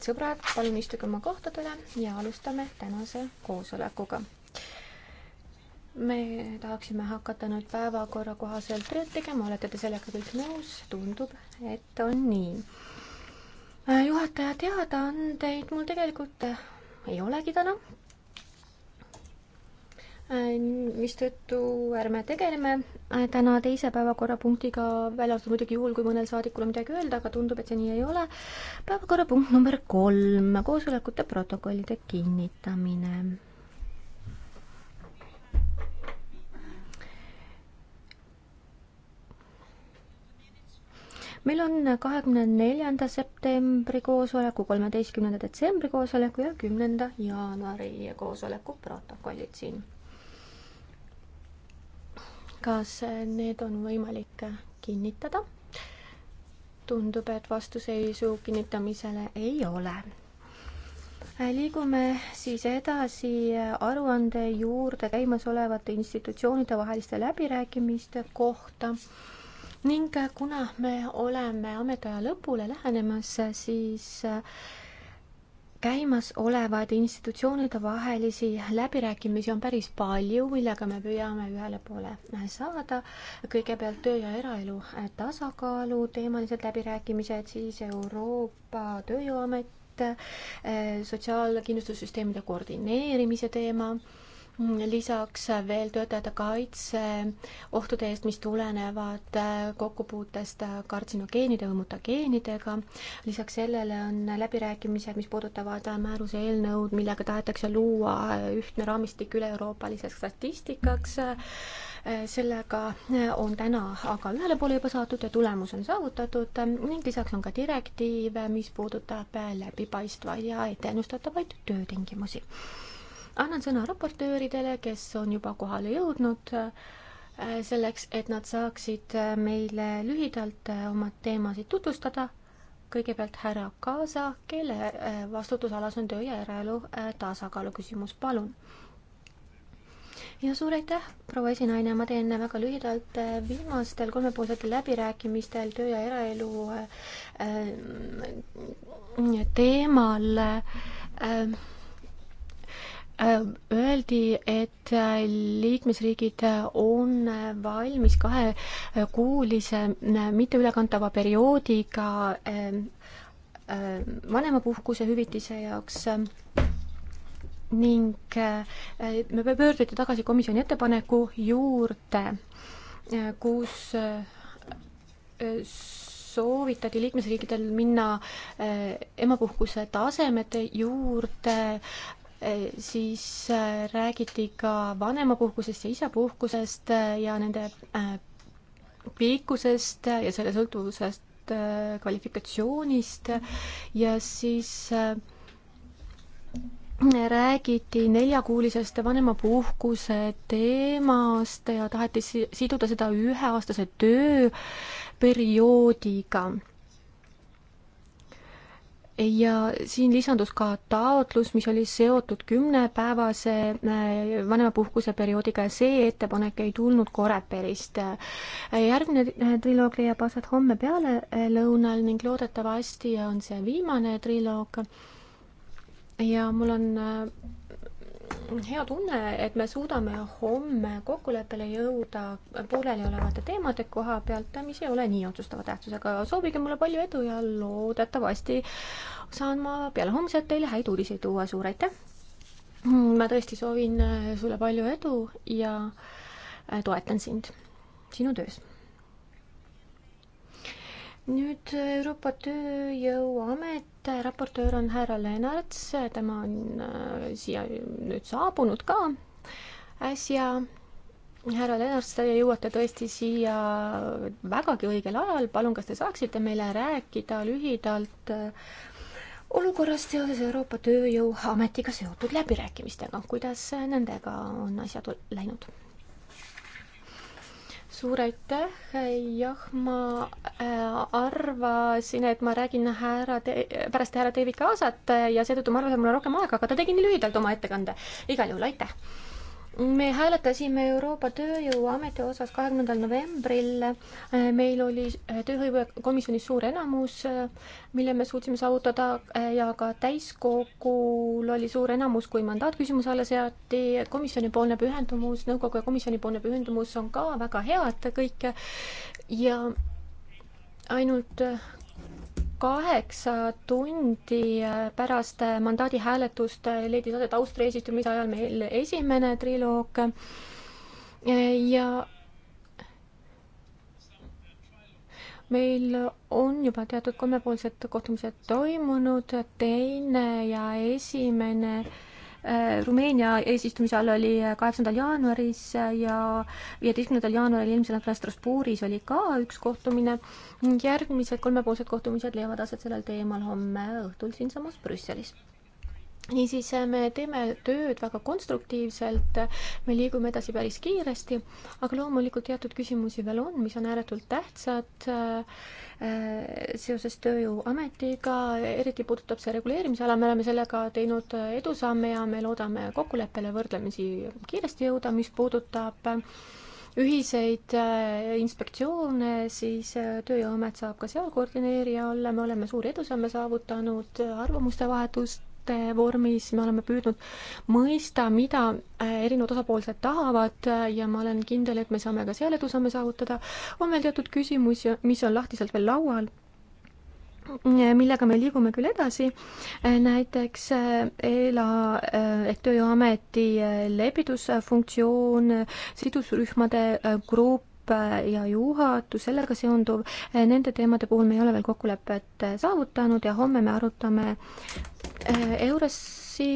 sõbrad, palun istuge oma kohtadele ja alustame tänase koosolekuga. me tahaksime hakata nüüd päevakorra kohaselt tööd tegema, olete te sellega kõik nõus? tundub, et on nii. Äh, juhataja teadaandeid mul tegelikult äh, ei olegi täna, Äh, mistõttu ärme tegeleme äh, täna teise päevakorrapunktiga, välja arvatud muidugi juhul, kui mõnel saadikul on midagi öelda, aga tundub, et see nii ei ole. päevakorrapunkt number kolm, koosolekute protokollide kinnitamine. meil on kahekümne neljanda septembri koosoleku, kolmeteistkümnenda detsembri koosoleku ja kümnenda jaanuari koosoleku protokollid siin kas need on võimalik kinnitada? tundub, et vastuseisu kinnitamisele ei ole. liigume siis edasi aruande juurde käimasolevate institutsioonide vaheliste läbirääkimiste kohta ning kuna me oleme ametiaja lõpule lähenemas, siis käimasolevaid institutsioonide vahelisi läbirääkimisi on päris palju, millega me püüame ühele poole saada. kõigepealt töö ja eraelu tasakaalu teemalised läbirääkimised, siis Euroopa Tööjõuamet, sotsiaalkindlustussüsteemide koordineerimise teema lisaks veel töötajate kaitse ohtude eest, mis tulenevad kokkupuutest kartsinogeenide või mutageenidega. lisaks sellele on läbirääkimised, mis puudutavad määruse eelnõud, millega tahetakse luua ühtne raamistik üle-euroopaliseks statistikaks. sellega on täna aga ühele poole juba saadud ja tulemus on saavutatud ning lisaks on ka direktiiv, mis puudutab läbipaistvaid ja etteennustatavaid töötingimusi annan sõna raportööridele, kes on juba kohale jõudnud, äh, selleks, et nad saaksid äh, meile lühidalt äh, oma teemasid tutvustada. kõigepealt härra Kaasa, kelle vastutusalas on töö ja eraelu tasakaalu küsimus, palun ja suur aitäh, proua esinaine, ma teen väga lühidalt, viimastel kolmepoolsetel läbirääkimistel töö ja eraelu äh, teemal äh, Äh, öeldi, et äh, liikmesriigid äh, on valmis kahekuulise mitteülekantava perioodiga ähm, vanemapuhkuse hüvitise jaoks ning me pöörduti tagasi komisjoni ettepaneku juurde, kus soovitati liikmesriikidel minna emapuhkuse tasemete juurde Eh, siis eh, räägiti ka vanemapuhkusest ja isapuhkusest eh, ja nende pikkusest ja selle sõltuvusest kvalifikatsioonist ja siis räägiti neljakuulisest vanemapuhkuse teemast ja taheti siduda seda üheaastase tööperioodiga ja siin lisandus ka taotlus, mis oli seotud kümnepäevase äh, vanemapuhkuse perioodiga ja see ettepanek ei tulnud Koreperist. Äh, järgmine äh, triloog leiab aset homme pealelõunal ning loodetavasti on see viimane triloog. ja mul on hea tunne, et me suudame homme kokkuleppele jõuda pooleliolevate teemade koha pealt, mis ei ole nii otsustava tähtsusega. soovige mulle palju edu ja loodetavasti saan ma peale homset teile häid uudiseid tuua. suur aitäh! ma tõesti soovin sulle palju edu ja toetan sind sinu töös nüüd äh, Euroopa Tööjõuamet, äh, raportöör on härra Lennarts, äh, tema on äh, siia nüüd saabunud ka äsja. härra Lennarts, te jõuate tõesti siia vägagi õigel ajal, palun, kas te saaksite meile rääkida lühidalt äh, olukorrast seoses Euroopa Tööjõuametiga seotud läbirääkimistega, kuidas nendega on asjad läinud? suur aitäh, jah, ma äh, arvasin, et ma räägin härra, pärast härra David Kaasat ja seetõttu ma arvasin, et mul on rohkem aega, aga ta tegi nii lühidalt oma ettekande. igal juhul aitäh me hääletasime Euroopa Tööjõuameti osas kahekümnendal novembril. Äh, meil oli äh, tööhõivekomisjonis suur enamus, äh, mille me suutsime saavutada ja ka täiskogul oli suur enamus, kui mandaat küsimuse alla seati. komisjonipoolne pühendumus, nõukogu ja komisjonipoolne pühendumus on ka väga head kõik ja ainult kaheksa tundi pärast mandaadi hääletust leidis aset Austria eesistumise ajal meil esimene triloog ja meil on juba teatud kolmepoolsed kohtumised toimunud, teine ja esimene äh, Äh, Rumeenia eesistumise all oli äh, kaheksandal jaanuaris äh, ja viieteistkümnendal jaanuaril eelmisel nädalal Strasbourgis oli ka üks kohtumine. järgmised kolmepoolsed kohtumised leiavad aset sellel teemal homme õhtul siinsamas Brüsselis niisiis, me teeme tööd väga konstruktiivselt, me liigume edasi päris kiiresti, aga loomulikult teatud küsimusi veel on, mis on ääretult tähtsad äh, seoses Tööjõuametiga, eriti puudutab see reguleerimisala, me oleme sellega teinud edusamme ja me loodame kokkuleppele võrdlemisi kiiresti jõuda, mis puudutab ühiseid äh, inspektsioone, siis äh, Tööjõuamet saab ka seal koordineerija olla, me oleme suuri edusamme saavutanud, arvamuste vahetust debatte vormis, me oleme püüdnud mõista, mida äh, erinevad osapoolsed tahavad äh, ja ma olen kindel, et me saame ka seal edusamme saavutada. on veel teatud küsimusi, mis on lahtiselt veel laual, millega me liigume küll edasi, äh, näiteks ELA ehk Tööameti lepitusfunktsioon, sidusrühmade grupp, kokkulepe ja juhatus, sellega seonduv, eh, nende teemade puhul me ei ole veel kokkulepet eh, saavutanud ja homme me arutame eh, EURES-i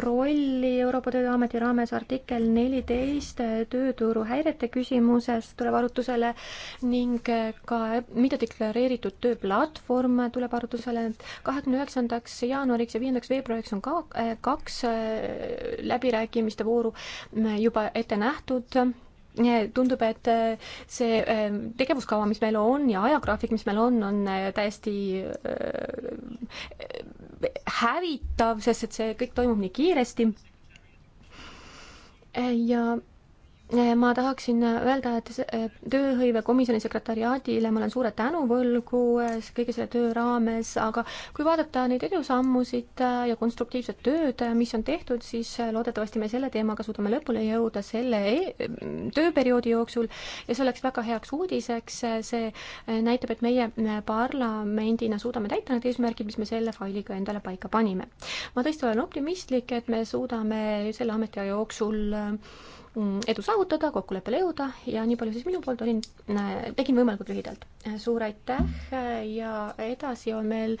rolli Euroopa Tööameti raames artikkel neliteist tööturu häirete küsimuses tuleb arutusele ning ka mittedeklareeritud tööplatvorm tuleb arutusele. kahekümne üheksandaks jaanuariks ja viiendaks veebruariks on ka kaks läbirääkimiste vooru mm, juba ette nähtud tundub, et äh, see ähm, tegevuskava, mis meil on ja ajagraafik, mis meil on, on äh, täiesti äh, hävitav, sest et see kõik toimub nii kiiresti. ja Eh, ma tahaksin eh, öelda, et eh, tööhõivekomisjoni sekretariaadile ma olen suure tänu võlgu kõige selle töö raames, aga kui vaadata neid edusammusid ja konstruktiivset tööd, mis on tehtud, siis loodetavasti me selle teemaga suudame lõpule jõuda selle e mm, tööperioodi jooksul ja see oleks väga heaks uudiseks, see näitab, et meie parlamendina suudame täita need eesmärgid, mis me selle failiga endale paika panime. ma tõesti olen optimistlik, et me suudame selle ametiaja jooksul Mm, edu saavutada, kokkuleppele jõuda ja nii palju siis minu poolt olin, äh, tegin võimalikult lühidalt. Äh, suur aitäh äh, ja edasi on meil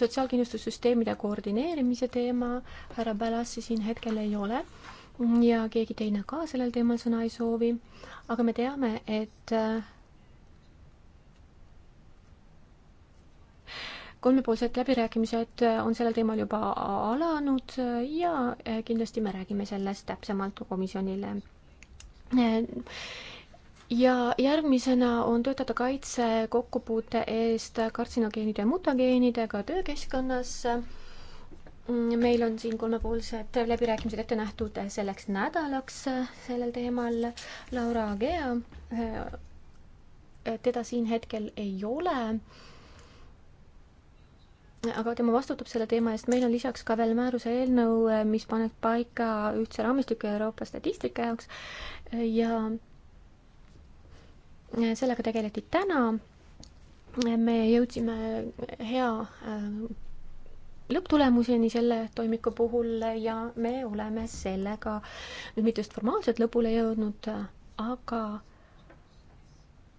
sotsiaalkindlustussüsteemide koordineerimise teema, härra Balassi siin hetkel ei ole ja keegi teine ka sellel teemal sõna ei soovi, aga me teame, et kolmepoolsed läbirääkimised äh, on sellel teemal juba alanud äh, ja äh, kindlasti me räägime sellest täpsemalt komisjonile. ja järgmisena on töötajate kaitse kokkupuute eest kartsinogeenide ja mutageenidega töökeskkonnas. Mm, meil on siin kolmepoolsed läbirääkimised ette nähtud selleks nädalaks sellel teemal. Laura Agea, teda siin hetkel ei ole aga tema vastutab selle teema eest, meil on lisaks ka veel määruse eelnõu, eh, mis paneb paika ühtse raamistiku Euroopa statistika jaoks ja eh, sellega tegeleti täna. Eh, me jõudsime hea lõpptulemuseni selle toimiku puhul ja me oleme sellega nüüd mitte just formaalselt lõpule jõudnud, aga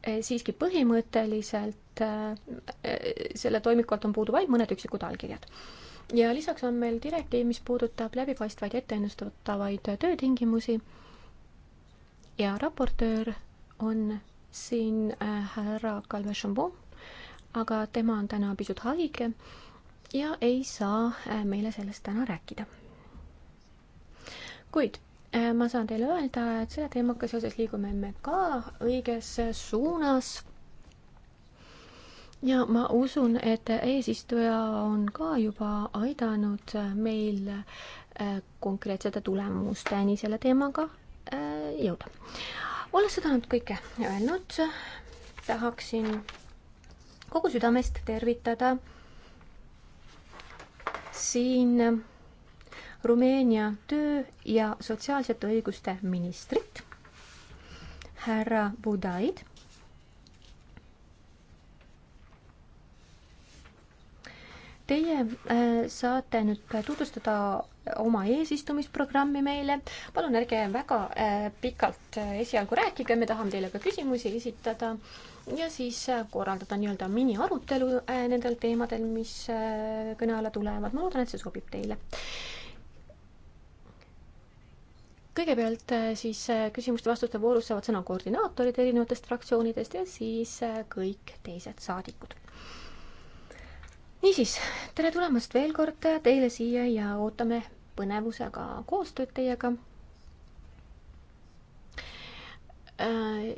Eh, siiski põhimõtteliselt eh, eh, selle toimikult on puudu vaid mõned üksikud allkirjad. ja lisaks on meil direktiiv, mis puudutab läbipaistvaid etteennustatavaid töötingimusi ja raportöör on siin härra Kalve Šambon, aga tema on täna pisut haige ja ei saa meile sellest täna rääkida. kuid Äh, ma saan teile öelda, et selle teemaga seoses liigume me ka õiges suunas. ja ma usun, et eesistuja on ka juba aidanud meil äh, konkreetsete tulemusteni selle teemaga äh, jõuda. olles seda nüüd kõike öelnud, tahaksin kogu südamest tervitada siin Rumeenia töö- ja sotsiaalsete õiguste ministrit, härra Budaid. Teie äh, saate nüüd tutvustada oma eesistumisprogrammi meile. palun ärge väga äh, pikalt äh, esialgu rääkige, me tahame teile ka küsimusi esitada ja siis korraldada nii-öelda miniarutelu nendel teemadel, mis kõne alla tulevad. ma loodan, et see sobib teile kõigepealt äh, siis äh, küsimuste-vastuste voorus saavad sõna koordinaatorid erinevatest fraktsioonidest ja siis äh, kõik teised saadikud. niisiis, tere tulemast veel kord teile siia ja ootame põnevusega koostööd teiega Äh,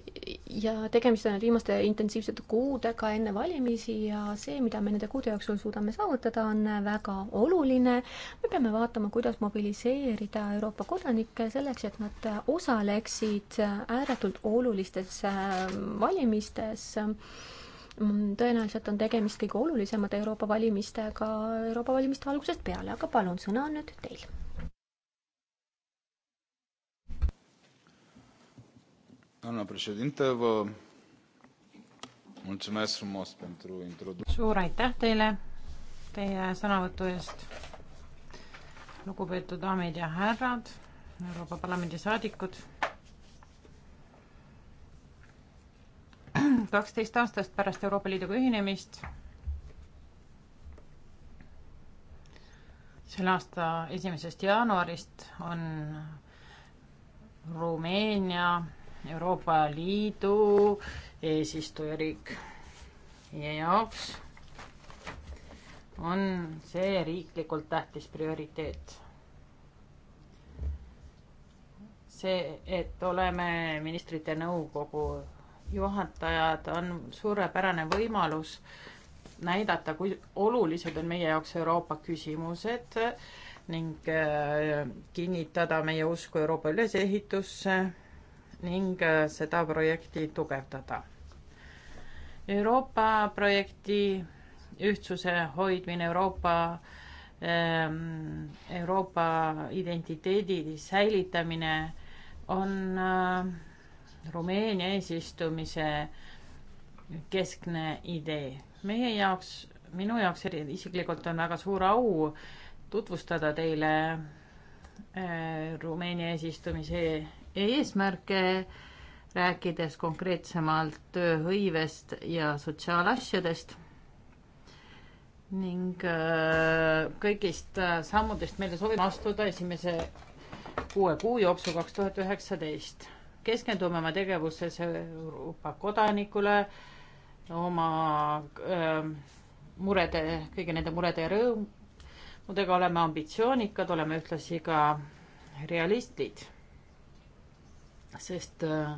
ja tegemist on viimaste intensiivsete kuudega enne valimisi ja see, mida me nende kuude jooksul suudame saavutada, on väga oluline. me peame vaatama, kuidas mobiliseerida Euroopa kodanikke selleks, et nad osaleksid ääretult olulistes äh, valimistes mm, tõenäoliselt on tegemist kõige olulisemate Euroopa valimistega Euroopa valimiste algusest peale, aga palun, sõna on nüüd teil doamnă președintă vă mulțumesc frumos pentru introducere. suur aitäh teile teie sõnavõtu eest. lugupeetud daamid ja härrad, Euroopa Parlamendi saadikud. kaksteist aastast pärast Euroopa Liiduga ühinemist. selle aasta esimesest jaanuarist on Rumeenia Euroopa Liidu eesistujariik meie jaoks on see riiklikult tähtis prioriteet. see, et oleme ministrite nõukogu juhatajad, on suurepärane võimalus näidata, kui olulised on meie jaoks Euroopa küsimused ning äh, kinnitada meie usku Euroopa ülesehitusse ning äh, seda projekti tugevdada. Euroopa projekti ühtsuse hoidmine, Euroopa, ähm, Euroopa identiteedi säilitamine on äh, Rumeenia eesistumise keskne idee. meie jaoks, minu jaoks isiklikult on väga suur au tutvustada teile äh, Rumeenia eesistumise eesmärke, rääkides konkreetsemalt tööhõivest ja sotsiaalasjadest ning äh, kõigist äh, sammudest meile soovime astuda esimese kuue kuu jooksul kaks tuhat üheksateist. keskendume oma tegevuses Euroopa kodanikule, oma öö, ähm, murede, kõigi nende murede ja rõõmudega oleme ambitsioonikad, oleme ühtlasi ka realistid sest äh,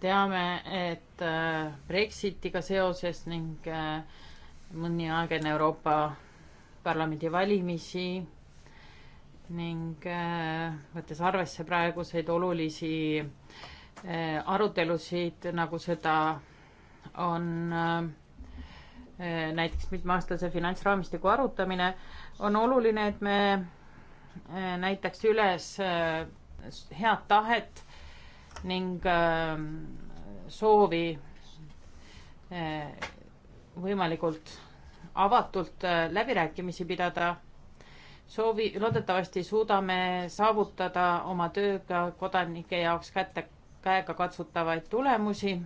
teame, et äh, Brexitiga seoses ning äh, mõni aeg enne Euroopa Parlamendi valimisi ning võttes arvesse praeguseid olulisi arutelusid, nagu seda on näiteks mitmeaastase finantsraamistiku arutamine, on oluline, et me näitaks üles head tahet ning ähm, soovi äh, võimalikult avatult äh, läbirääkimisi pidada. soovi, loodetavasti suudame saavutada oma tööga kodanike jaoks kätte, käegakatsutavaid tulemusi.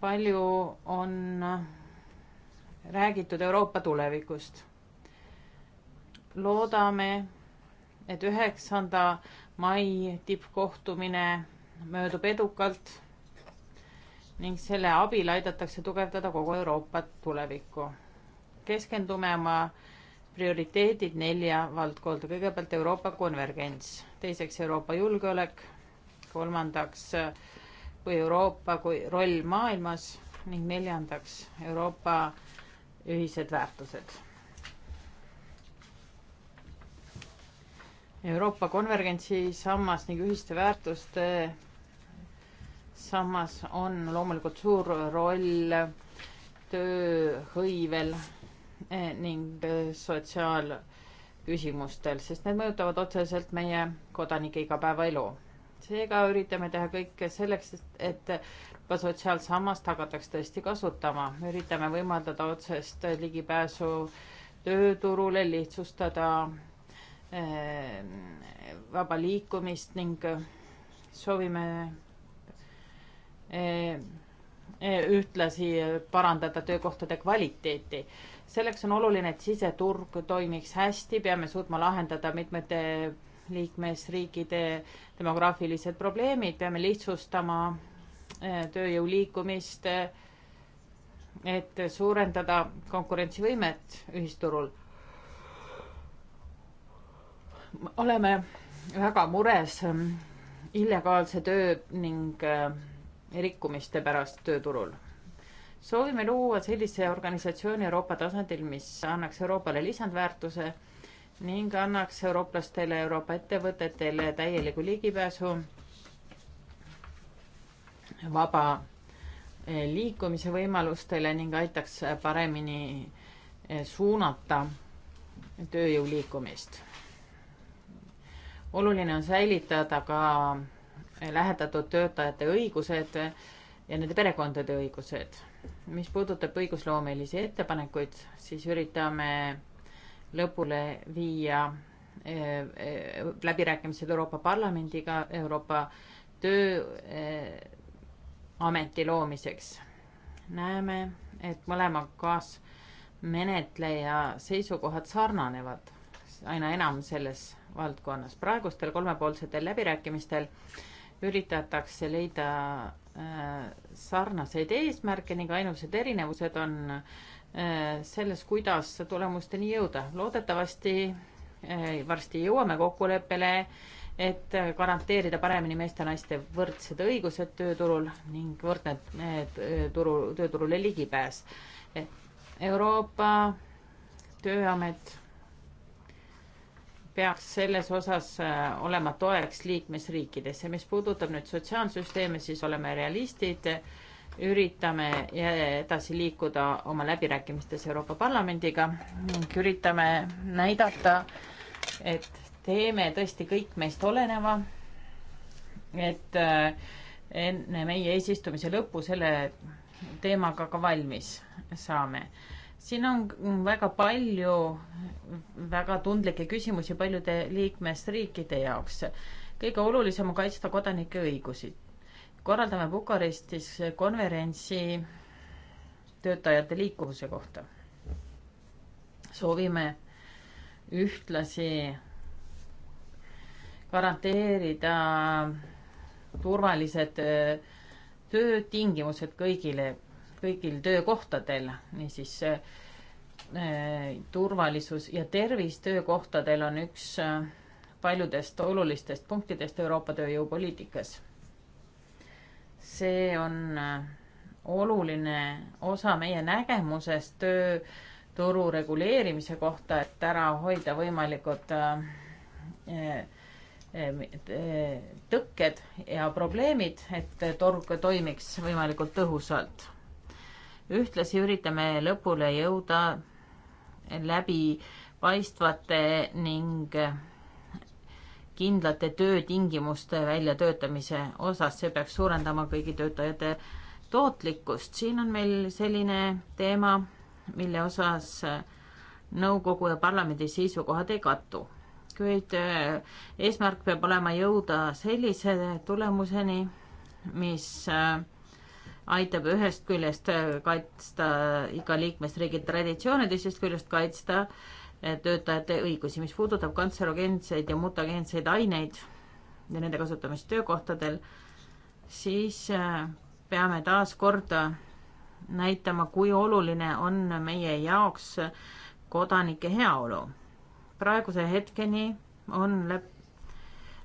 palju on räägitud Euroopa tulevikust. loodame, et üheksanda mai tippkohtumine möödub edukalt ning selle abil aidatakse tugevdada kogu Euroopat tulevikku. keskendume oma prioriteedid nelja valdkonda, kõigepealt Euroopa konvergents, teiseks Euroopa julgeolek, kolmandaks kui Euroopa kui roll maailmas ning neljandaks Euroopa ühised väärtused. Euroopa konvergentsi sammas ning ühiste väärtuste samas on loomulikult suur roll tööhõivel eh, ning eh, sotsiaalküsimustel, sest need mõjutavad otseselt meie kodanike igapäevaelu. seega üritame teha kõike selleks, et ka sotsiaalsammas hakataks tõesti kasutama, üritame võimaldada otsest ligipääsu tööturule, lihtsustada eh, vaba liikumist ning soovime Eh, eh, ühtlasi parandada töökohtade kvaliteeti. selleks on oluline, et siseturg toimiks hästi, peame suutma lahendada mitmete liikmesriikide demograafilised probleemid, peame lihtsustama eh, tööjõu liikumist, et suurendada konkurentsivõimet ühisturul. oleme väga mures mm, illegaalse töö ning rikkumiste pärast tööturul. soovime luua sellise organisatsiooni Euroopa tasandil, mis annaks Euroopale lisandväärtuse ning annaks eurooplastele, Euroopa ettevõtetele täieliku ligipääsu vaba eh, liikumise võimalustele ning aitaks paremini eh, suunata tööjõu liikumist. oluline on säilitada ka lähetatud töötajate õigused ja nende perekondade õigused. mis puudutab õigusloomelisi ettepanekuid, siis üritame lõpule viia eh, eh, läbirääkimised Euroopa Parlamendiga Euroopa Tööameti eh, loomiseks. näeme, et mõlema kaasmenetleja seisukohad sarnanevad aina enam selles valdkonnas. praegustel kolmepoolsetel läbirääkimistel äh, üritatakse leida äh, sarnaseid eesmärke ning ainukesed erinevused on äh, selles, kuidas tulemusteni jõuda. loodetavasti äh, varsti jõuame kokkuleppele, et garanteerida paremini meeste-naiste võrdsed õigused tööturul ning võrdne turu, tööturule ligipääs. Euroopa Tööamet peaks selles osas äh, olema toeks liikmesriikides ja mis puudutab nüüd sotsiaalsüsteeme, siis oleme realistid, üritame edasi liikuda oma läbirääkimistes Euroopa Parlamendiga ning üritame näidata, et teeme tõesti kõik meist oleneva, et äh, enne meie eesistumise lõppu selle teemaga ka valmis saame siin on väga palju väga tundlikke küsimusi paljude liikmesriikide jaoks. kõige olulisem on kaitsta kodanike õigusi. korraldame Bukarestis konverentsi töötajate liikuvuse kohta. soovime ühtlasi garanteerida turvalised töötingimused kõigile kõigil töökohtadel, niisiis äh, äh, turvalisus ja tervis töökohtadel on üks äh, paljudest olulistest punktidest Euroopa tööjõupoliitikas. see on oluline osa meie nägemusest tööturu reguleerimise kohta, et ära hoida võimalikud tõkked ja probleemid, et turg toimiks võimalikult tõhusalt ühtlasi üritame lõpule jõuda läbipaistvate ning kindlate töötingimuste väljatöötamise osas, see peaks suurendama kõigi töötajate tootlikkust. siin on meil selline teema, mille osas nõukogu ja parlamendi seisukohad ei kattu. kuid eh, eesmärk peab olema jõuda sellise tulemuseni, mis äh, aitab ühest küljest kaitsta iga liikmesriigi traditsioone, teisest küljest kaitsta eh, töötajate õigusi. mis puudutab kantserogeenseid ja mutageenseid aineid ja nende kasutamist töökohtadel, siis eh, peame taas korda näitama, kui oluline on meie jaoks kodanike heaolu. praeguse hetkeni on läbi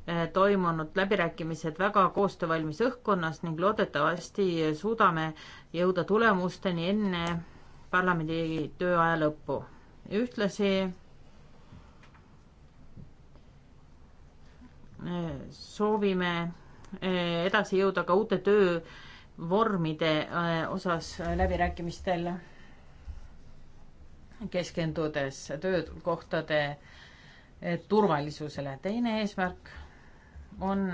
Äh, toimunud läbirääkimised väga koostöövalmis õhkkonnas ning loodetavasti suudame jõuda tulemusteni enne parlamendi tööaja lõppu. ühtlasi äh, soovime äh, edasi jõuda ka uute töövormide osas läbirääkimistel keskendudes töökohtade turvalisusele. teine eesmärk on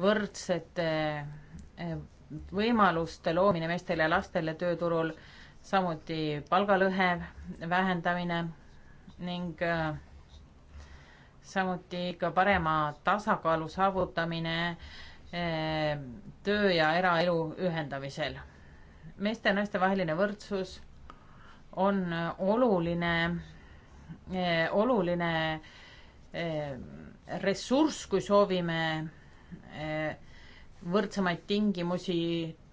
võrdsete eh, võimaluste loomine meestele ja lastele tööturul, samuti palgalõhe vähendamine ning eh, samuti ka parema tasakaalu saavutamine eh, töö ja eraelu ühendamisel. meeste ja naiste vaheline võrdsus on oluline, oluline ressurss, kui soovime eh, võrdsemaid tingimusi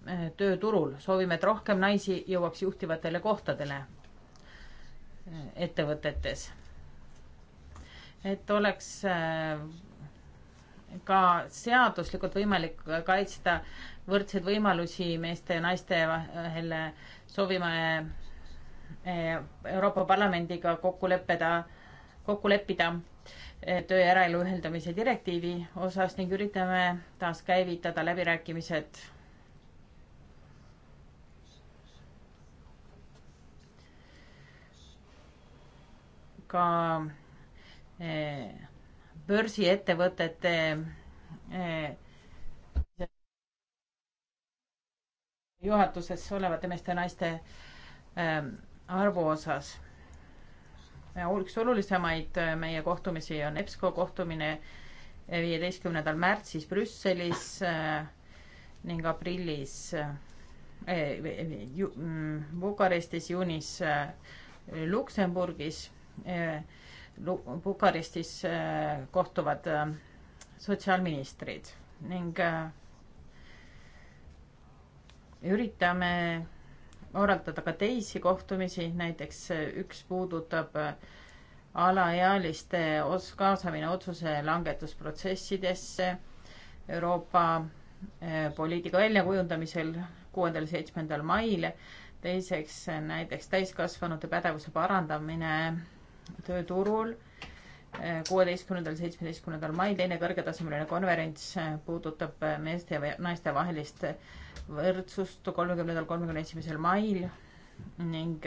eh, tööturul, soovime, et rohkem naisi jõuaks juhtivatele kohtadele eh, ettevõtetes. et oleks ka seaduslikult võimalik kaitsta võrdseid võimalusi meeste ja naiste vahel. soovime Euroopa Parlamendiga kokku leppida, kokku leppida Eh, töö ja eraelu ühendamise direktiivi osas ning üritame taaskäivitada läbirääkimised ka eh, börsiettevõtete eh, juhatuses olevate meeste ja naiste arvu osas üks olulisemaid äh, meie kohtumisi on EBSCO kohtumine äh, viieteistkümnendal märtsis Brüsselis äh, ning aprillis ju, mm, Bukarestis, juunis Luksemburgis. Bukarestis kohtuvad sotsiaalministrid ning üritame korraldada ka teisi kohtumisi, näiteks üks puudutab äh, alaealiste os-, kaasamine otsuse langetusprotsessidesse Euroopa äh, poliitika väljakujundamisel kuuendal, seitsmendal mail. teiseks äh, näiteks täiskasvanute pädevuse parandamine tööturul kuueteistkümnendal, seitsmeteistkümnendal mail teine kõrgetasemeline konverents äh, puudutab äh, meeste ja naiste vahelist äh, võrdsust kolmekümnendal, kolmekümne esimesel mail ning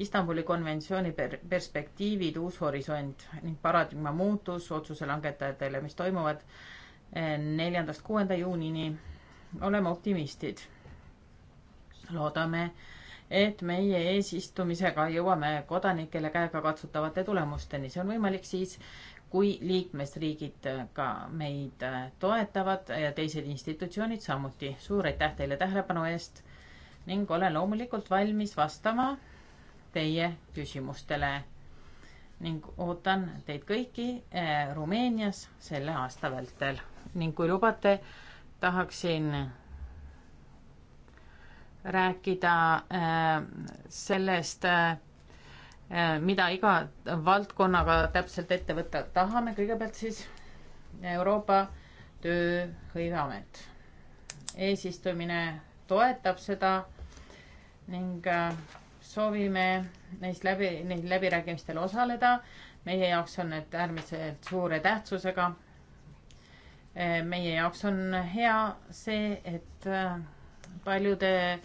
Istanbuli konventsiooni perspektiivid, uus horisont ning paradigma muutus otsuse langetajatele, mis toimuvad neljandast kuuenda juunini. oleme optimistid. loodame, et meie eesistumisega jõuame kodanikele käegakatsutavate tulemusteni. see on võimalik siis, kui liikmesriigid ka meid toetavad ja teised institutsioonid samuti. suur aitäh teile tähelepanu eest ning olen loomulikult valmis vastama teie küsimustele ning ootan teid kõiki eh, Rumeenias selle aasta vältel ning kui lubate, tahaksin rääkida äh, sellest, äh, äh, mida iga valdkonnaga täpselt ette võtta tahame, kõigepealt siis Euroopa Tööhõiveamet. eesistumine toetab seda ning soovime neist läbi, neil läbirääkimistel osaleda. meie jaoks on need äärmiselt suure tähtsusega. meie jaoks on hea see, et paljude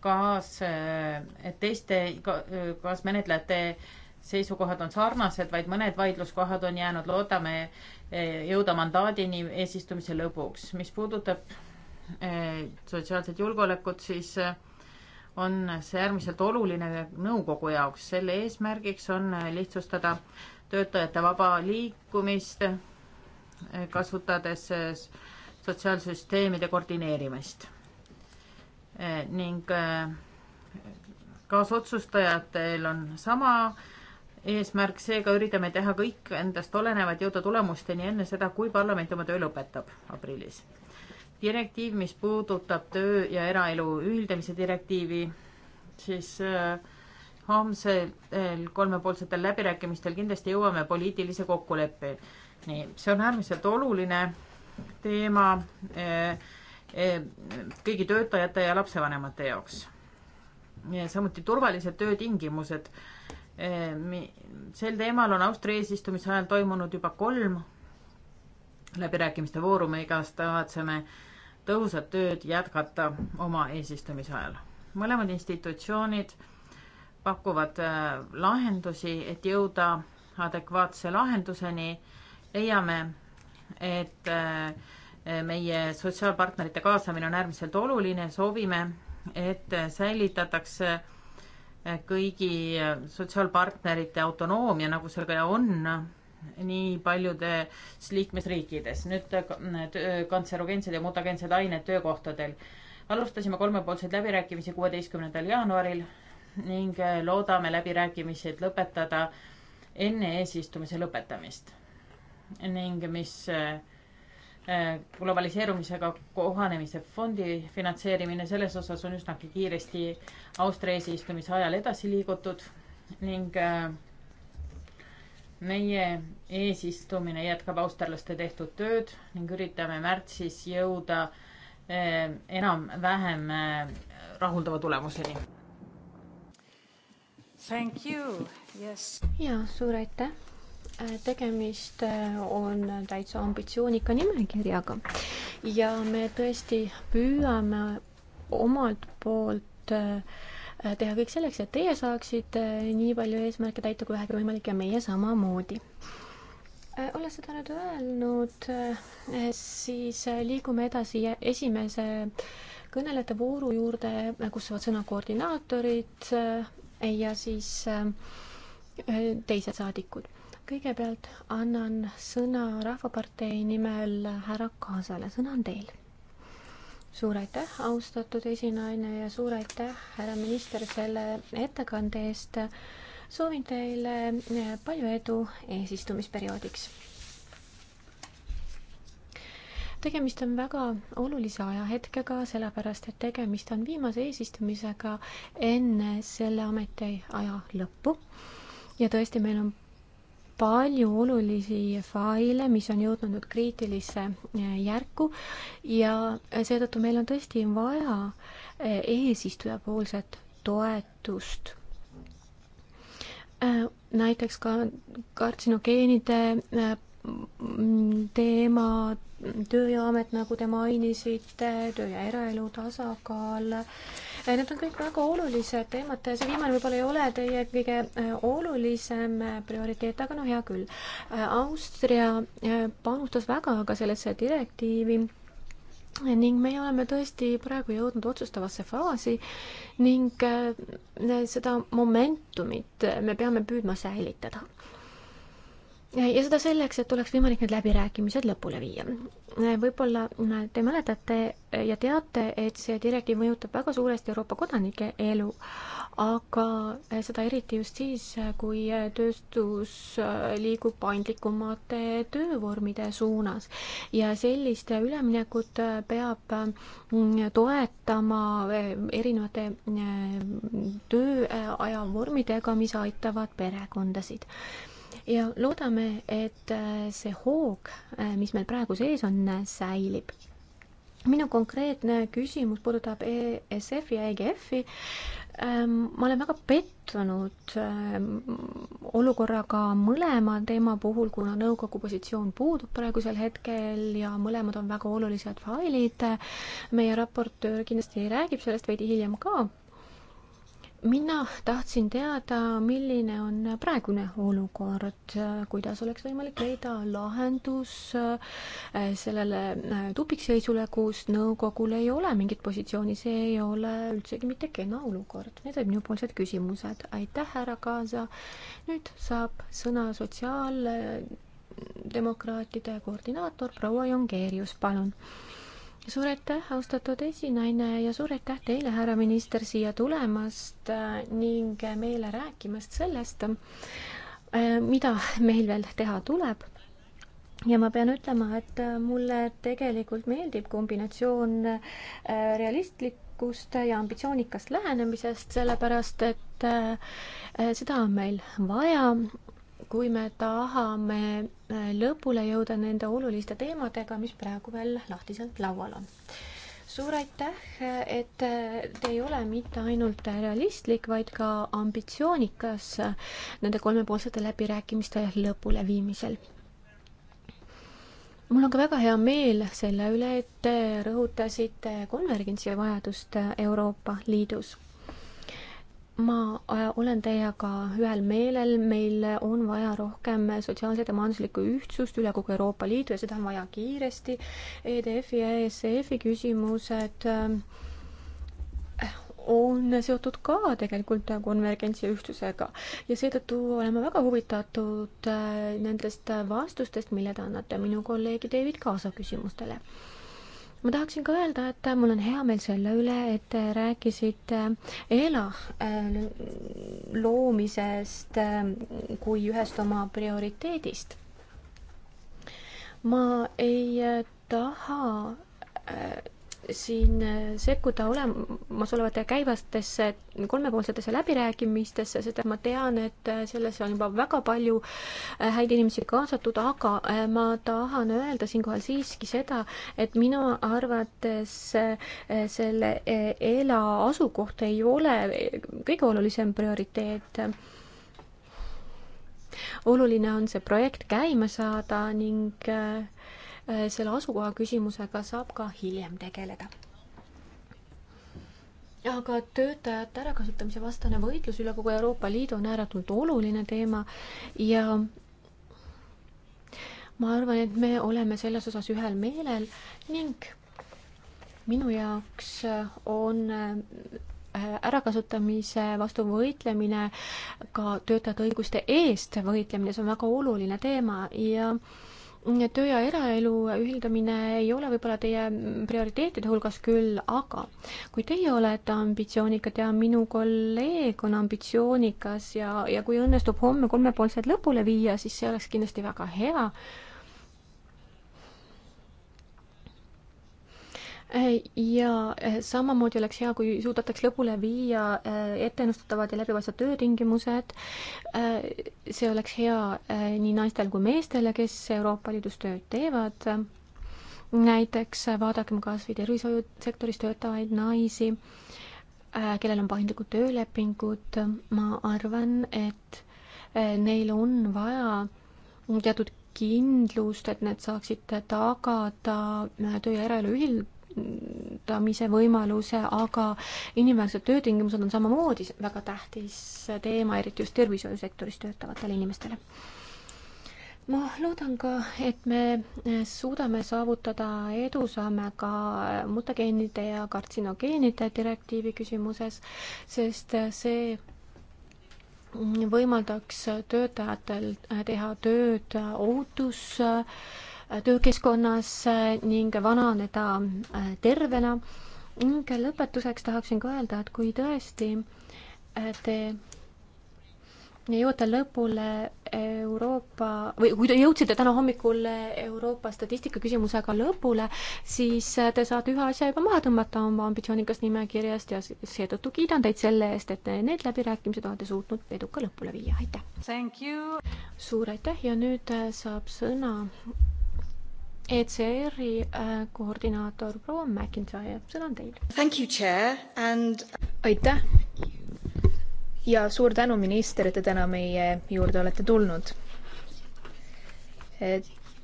kaas, äh, teiste äh, kaasmenetlejate seisukohad on sarnased, vaid mõned vaidluskohad on jäänud, loodame äh, jõuda mandaadini eesistumise lõpuks. mis puudutab sotsiaalset julgeolekut, siis on see äärmiselt oluline nõukogu jaoks. selle eesmärgiks on lihtsustada töötajate vaba liikumist, kasutades sotsiaalsüsteemide koordineerimist Eh, ning eh, kaasotsustajatel on sama eesmärk, seega üritame teha kõik endast olenevat, jõuda tulemusteni enne seda, kui parlament oma töö lõpetab aprillis. direktiiv, mis puudutab töö ja eraelu ühildamise direktiivi, siis eh, homsel kolmepoolsetel läbirääkimistel kindlasti jõuame poliitilise kokkuleppeni. see on äärmiselt oluline teema äh, Eh, kõigi töötajate ja lapsevanemate jaoks. samuti turvalised töötingimused. Eh, sel teemal on Austria eesistumise ajal toimunud juba kolm läbirääkimiste vooru, me igast kavatseme tõhusat tööd jätkata oma eesistumise ajal. mõlemad institutsioonid pakuvad eh, lahendusi, et jõuda adekvaatse lahenduseni. leiame, et äh, meie sotsiaalpartnerite kaasamine on äärmiselt oluline, soovime, et säilitataks kõigi sotsiaalpartnerite autonoomia, nagu sellega on nii paljudes liikmesriikides. nüüd kantserogeensed ja mutageensed ained töökohtadel. alustasime kolmepoolseid läbirääkimisi kuueteistkümnendal jaanuaril ning loodame läbirääkimised lõpetada enne eesistumise lõpetamist. ning mis äh, Äh, globaliseerumisega kohanemise fondi finantseerimine, selles osas on üsnagi kiiresti Austria eesistumise ajal edasi liigutud ning äh, meie eesistumine jätkab austerlaste tehtud tööd ning üritame märtsis jõuda äh, enam-vähem rahuldava tulemuseni. Yes. ja suur aitäh Äh, tegemist äh, on täitsa ambitsioonika nimekirjaga ja me tõesti püüame omalt poolt äh, teha kõik selleks, et teie saaksite nii palju eesmärke täita kui vähegi võimalik ja meie samamoodi. olles seda nüüd öelnud, siis liigume edasi esimese kõnelejate vooru juurde, kus saavad sõna koordinaatorid ja siis teised saadikud kõigepealt annan sõna Rahvapartei nimel härra Kaasale, sõna on teil. suur aitäh, austatud esinaine ja suur aitäh, härra minister, selle ettekande eest. soovin teile eh, palju edu eesistumisperioodiks. tegemist on väga olulise ajahetkega, sellepärast et tegemist on viimase eesistumisega enne selle ametiaja lõppu. ja tõesti, meil on palju olulisi faile, mis on jõudnud nüüd kriitilisse eh, järku ja seetõttu meil on tõesti vaja eh, eesistujapoolset toetust. Eh, näiteks ka kartsinogeenide teema, tööjaamet, nagu te mainisite, töö ja eraelu tasakaal äh,, Eh, need on kõik väga olulised teemad, see viimane võib-olla ei ole teie kõige eh, olulisem eh, prioriteet, aga no hea küll. Austria panustas väga ka sellesse direktiivi ning meie oleme tõesti praegu jõudnud otsustavasse faasi ning seda momentumit me peame püüdma säilitada ja seda selleks, et oleks võimalik need läbirääkimised lõpule viia. võib-olla äh, te mäletate ja teate, et see direktiiv mõjutab väga suuresti Euroopa kodanike elu, aga äh, seda eriti just siis, äh, kui tööstus liigub paindlikumate töövormide suunas. ja sellist üleminekut peab toetama erinevate tööaja vormidega, mis aitavad perekondasid ja loodame, et äh, see hoog, äh, mis meil praegu sees on, äh, säilib. minu konkreetne küsimus puudutab ESF-i ja EGF-i. Ähm, ma olen väga pettunud ähm, olukorraga mõlema teema puhul, kuna nõukogu positsioon puudub praegusel hetkel ja mõlemad on väga olulised failid. meie raportöör kindlasti räägib sellest veidi hiljem ka mina tahtsin teada, milline on praegune olukord, kuidas oleks võimalik leida lahendus eh, sellele eh, tupikseisule, kus nõukogul ei ole mingit positsiooni, see ei ole üldsegi mitte kena olukord. Need olid minupoolsed küsimused. aitäh, härra Kaasa. nüüd saab sõna sotsiaaldemokraatide koordinaator proua Jongeerius, palun suur aitäh, austatud esinaine ja suur aitäh teile, härra minister, siia tulemast äh, ning meile rääkimast sellest, äh, mida meil veel teha tuleb. ja ma pean ütlema, et äh, mulle tegelikult meeldib kombinatsioon realistlikust ja ambitsioonikast lähenemisest, sellepärast et seda on meil vaja kui me tahame äh, lõpule jõuda nende oluliste teemadega, mis praegu veel lahtiselt laual on. suur aitäh, et äh, te ei ole mitte ainult realistlik, vaid ka ambitsioonikas äh, nende kolmepoolsete läbirääkimiste lõpuleviimisel mul on ka väga hea meel selle üle, et te rõhutasite konvergentsi vajadust Euroopa Liidus ma äh, olen teiega ühel meelel, meil on vaja rohkem sotsiaalset ja majanduslikku ühtsust üle kogu Euroopa Liidu ja seda on vaja kiiresti. EDF-i ja ESF-i küsimused äh, on seotud ka tegelikult konvergentsi ja ühtsusega ja seetõttu olen ma väga huvitatud äh, nendest vastustest, mille te annate minu kolleegi David Kaasa küsimustele ma tahaksin ka öelda, et mul on hea meel selle üle, et te rääkisite äh, ELAH äh, loomisest äh, kui ühest oma prioriteedist. ma ei taha siin äh, sekkuda olemasolevate käivastesse kolmepoolsetesse läbirääkimistesse, seda ma tean, et äh, sellesse on juba väga palju äh, häid inimesi kaasatud, aga ma tahan öelda siinkohal siiski seda, et minu arvates selle ELA asukoht ei ole kõige olulisem prioriteet oluline on see projekt käima saada ning äh, Äh, selle asukoha küsimusega saab ka hiljem tegeleda. aga töötajate ärakasutamise vastane võitlus üle kogu Euroopa Liidu on ääretult oluline teema ja ma arvan, et me oleme selles osas ühel meelel ning minu jaoks on äh, ärakasutamise vastu võitlemine, ka töötajate õiguste eest võitlemine, see on väga oluline teema ja äh, töö ja eraelu ühildamine ei ole võib-olla teie prioriteetide hulgas küll, aga kui teie olete ambitsioonikad ja minu kolleeg on ambitsioonikas ja, ja kui õnnestub homme kolmepoolsed lõpule viia, siis see oleks kindlasti väga hea ja eh, samamoodi oleks hea, kui suudetaks lõpule viia eh, etteennustatavad ja läbipaistvad töötingimused. Eh, see oleks hea nii naistel kui meestele, kes Euroopa Liidus tööd teevad. näiteks vaadakem kas või tervishoiusektoris töötavaid naisi, kellel on paindlikud töölepingud, ma arvan, et neil on vaja teatud kindlust, et nad saaksid tagada töö ja eraelu ühil-, tamise võimaluse, aga inimväärsed töötingimused on samamoodi väga tähtis teema, eriti just tervishoiusektoris töötavatele inimestele. ma loodan ka, et me suudame saavutada edusamme ka mutageenide ja kartsinogeenide direktiivi küsimuses, sest see võimaldaks töötajatel teha tööd ohutus äh, töökeskkonnas ning vananeda äh, tervena. ning lõpetuseks tahaksin ka öelda, et kui tõesti äh, te jõuate lõpule Euroopa või kui te jõudsite täna hommikul Euroopa statistika küsimusega lõpule, siis äh, te saate ühe asja juba maha tõmmata oma ambitsioonikast nimekirjast ja seetõttu kiidan teid selle eest, et need läbirääkimised olete suutnud eduka lõpule viia, aitäh! suur aitäh ja nüüd saab sõna ECR-i äh, koordinaator proua McIntyre, sõna on teil. Thank you, chair and. aitäh. ja suur tänu, minister, et te täna meie juurde olete tulnud.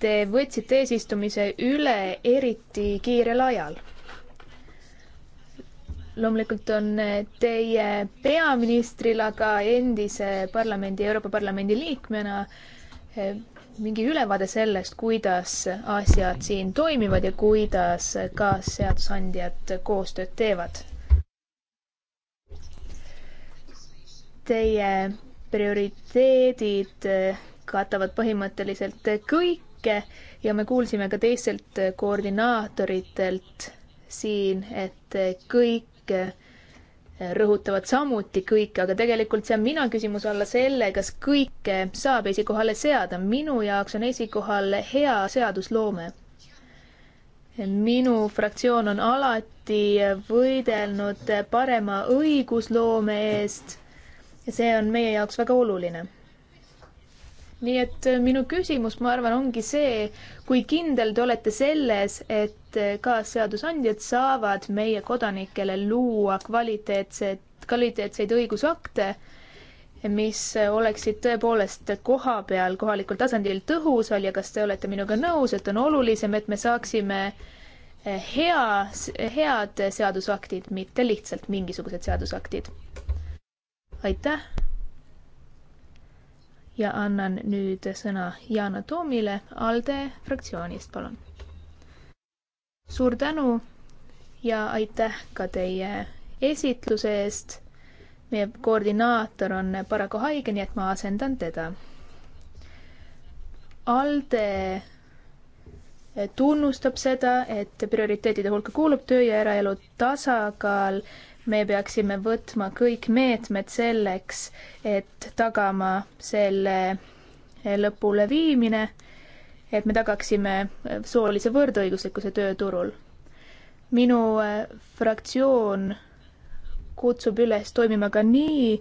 Te võtsite eesistumise üle eriti kiirel ajal. loomulikult on teie peaministril, aga endise parlamendi, Euroopa Parlamendi liikmena eh, mingi ülevaade sellest, kuidas asjad siin toimivad ja kuidas ka seadusandjad koostööd teevad? Teie prioriteedid katavad põhimõtteliselt kõike ja me kuulsime ka teistelt koordinaatoritelt siin, et kõik rõhutavad samuti kõike, aga tegelikult sean mina küsimuse alla selle, kas kõike saab esikohale seada. minu jaoks on esikohal hea seadusloome. minu fraktsioon on alati võidelnud parema õigusloome eest ja see on meie jaoks väga oluline nii et äh, minu küsimus, ma arvan, ongi see, kui kindel te olete selles, et äh, kaasseadusandjad saavad meie kodanikele luua kvaliteetset, kvaliteetseid õigusakte, mis oleksid tõepoolest koha peal, kohalikul tasandil tõhusal ja kas te olete minuga nõus, et on olulisem, et me saaksime äh, hea, head seadusaktid, mitte lihtsalt mingisugused seadusaktid? aitäh! ja annan nüüd sõna Yana Toomile ALDE fraktsioonist, palun. suur tänu ja aitäh ka teie esitluse eest. meie koordinaator on paraku haige, nii et ma asendan teda. ALDE tunnustab seda, et prioriteetide hulka kuulub töö ja eraelu tasakaal me peaksime võtma kõik meetmed selleks, et tagama selle lõpule viimine, et me tagaksime soolise võrdõiguslikkuse tööturul. minu äh, fraktsioon kutsub üles toimima ka nii,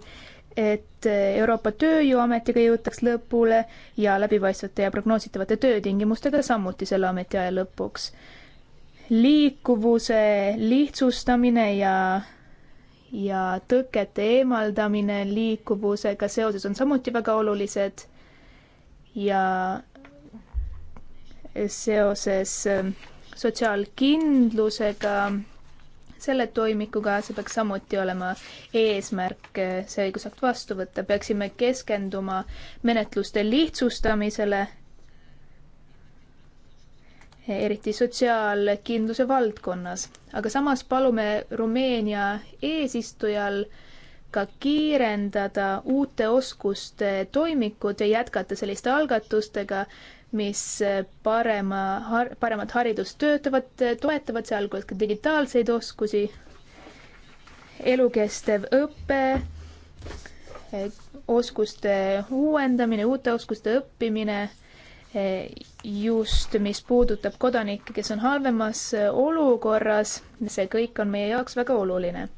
et äh, Euroopa Tööjõuametiga jõutaks lõpule ja läbipaistvate ja prognoositavate töötingimustega samuti selle ametiaja lõpuks. liikuvuse lihtsustamine ja ja tõkete eemaldamine liikuvusega seoses on samuti väga olulised ja seoses ähm, sotsiaalkindlusega, selle toimikuga, see peaks samuti olema eesmärk äh, see õigusakt vastu võtta, peaksime keskenduma menetluste lihtsustamisele eriti sotsiaalkindluse valdkonnas. aga samas palume Rumeenia eesistujal ka kiirendada uute oskuste toimikud ja jätkata selliste algatustega, mis parema, paremat haridust töötavad, toetavad, sealhulgas ka digitaalseid oskusi, elukestev õpe, oskuste uuendamine, uute oskuste õppimine just, mis puudutab kodanikke, kes on halvemas äh, olukorras, see kõik on meie jaoks väga oluline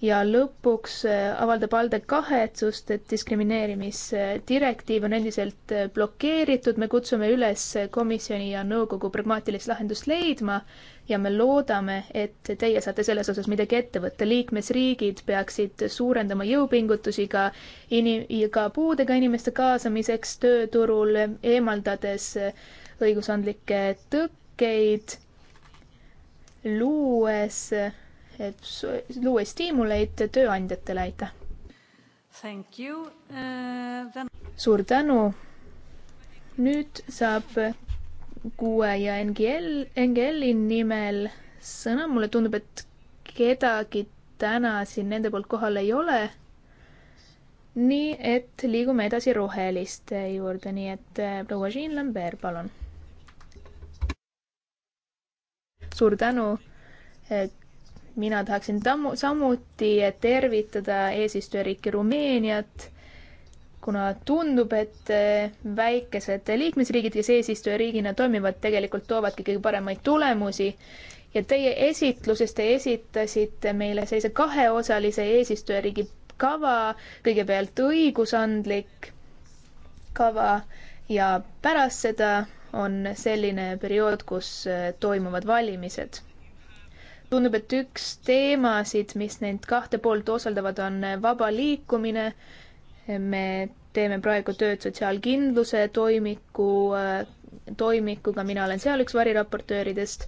ja lõpuks äh, avaldab ALDE kahetsust, et diskrimineerimisdirektiiv on endiselt äh, blokeeritud, me kutsume üles komisjoni ja nõukogu pragmaatilist lahendust leidma ja me loodame, et teie saate selles osas midagi ette võtta, liikmesriigid peaksid suurendama jõupingutusi ka ini-, ka puudega inimeste kaasamiseks tööturul, eemaldades äh, õigusandlikke tõkkeid, luues et luua stiimuleid tööandjatele, aitäh! Uh, then... suur tänu! nüüd saab kuue ja NGL, NGL-i nimel sõna, mulle tundub, et kedagi täna siin nende poolt kohal ei ole. nii et liigume edasi roheliste juurde, nii et eh, proua Jean Lambert, palun. suur tänu eh, mina tahaksin tammu, samuti tervitada eesistujariiki Rumeeniat, kuna tundub, et eh, väikesed liikmesriigid, kes eesistujariigina toimivad, tegelikult toovadki kõige paremaid tulemusi ja teie esitluses te esitasite meile sellise kaheosalise eesistujariigi kava, kõigepealt õigusandlik kava ja pärast seda on selline periood, kus eh, toimuvad valimised tundub, et üks teemasid, mis neid kahte poolt osaldavad, on vaba liikumine. me teeme praegu tööd sotsiaalkindluse toimiku, äh, toimikuga, mina olen seal üks variraportööridest.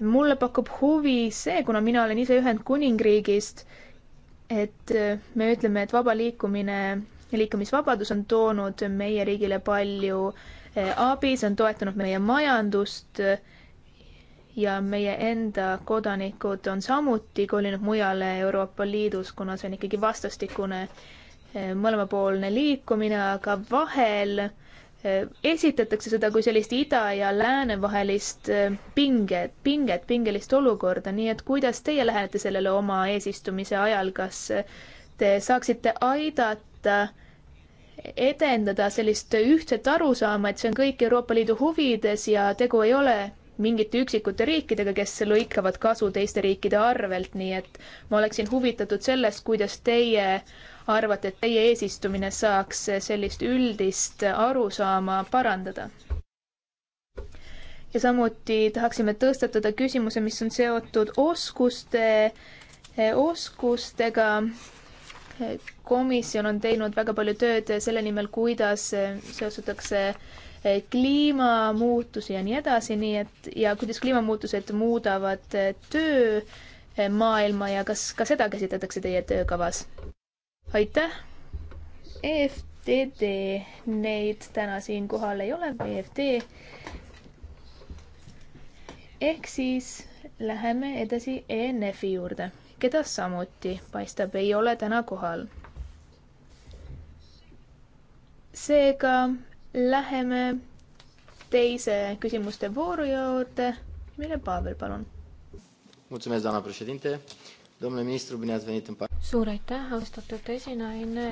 mulle pakub huvi see, kuna mina olen ise Ühendkuningriigist, et äh, me ütleme, et vaba liikumine, liikumisvabadus on toonud meie riigile palju äh, abi, see on toetanud meie majandust ja meie enda kodanikud on samuti kolinud mujale Euroopa Liidus, kuna see on ikkagi vastastikune eh, mõlemapoolne liikumine, aga vahel eh, esitatakse seda kui sellist ida ja lääne vahelist eh, pinget, pinget, pingelist olukorda, nii et kuidas teie lähenete sellele oma eesistumise ajal, kas te saaksite aidata edendada sellist ühtset arusaama, et see on kõik Euroopa Liidu huvides ja tegu ei ole mingite üksikute riikidega, kes lõikavad kasu teiste riikide arvelt, nii et ma oleksin huvitatud sellest, kuidas teie arvate, et teie eesistumine saaks sellist üldist arusaama parandada? ja samuti tahaksime tõstatada küsimuse, mis on seotud oskuste, oskustega. komisjon on teinud väga palju tööd selle nimel, kuidas seostatakse kliimamuutusi ja nii edasi, nii et ja kuidas kliimamuutused muudavad eh, töömaailma ja kas ka seda käsitletakse teie töökavas? aitäh! EFTD, neid täna siin kohal ei ole, EFT. ehk siis läheme edasi ENF-i juurde, keda samuti paistab, ei ole täna kohal seega Läheme teise küsimuste vooru juurde, mille Pavel, palun. suur aitäh, austatud esinaine,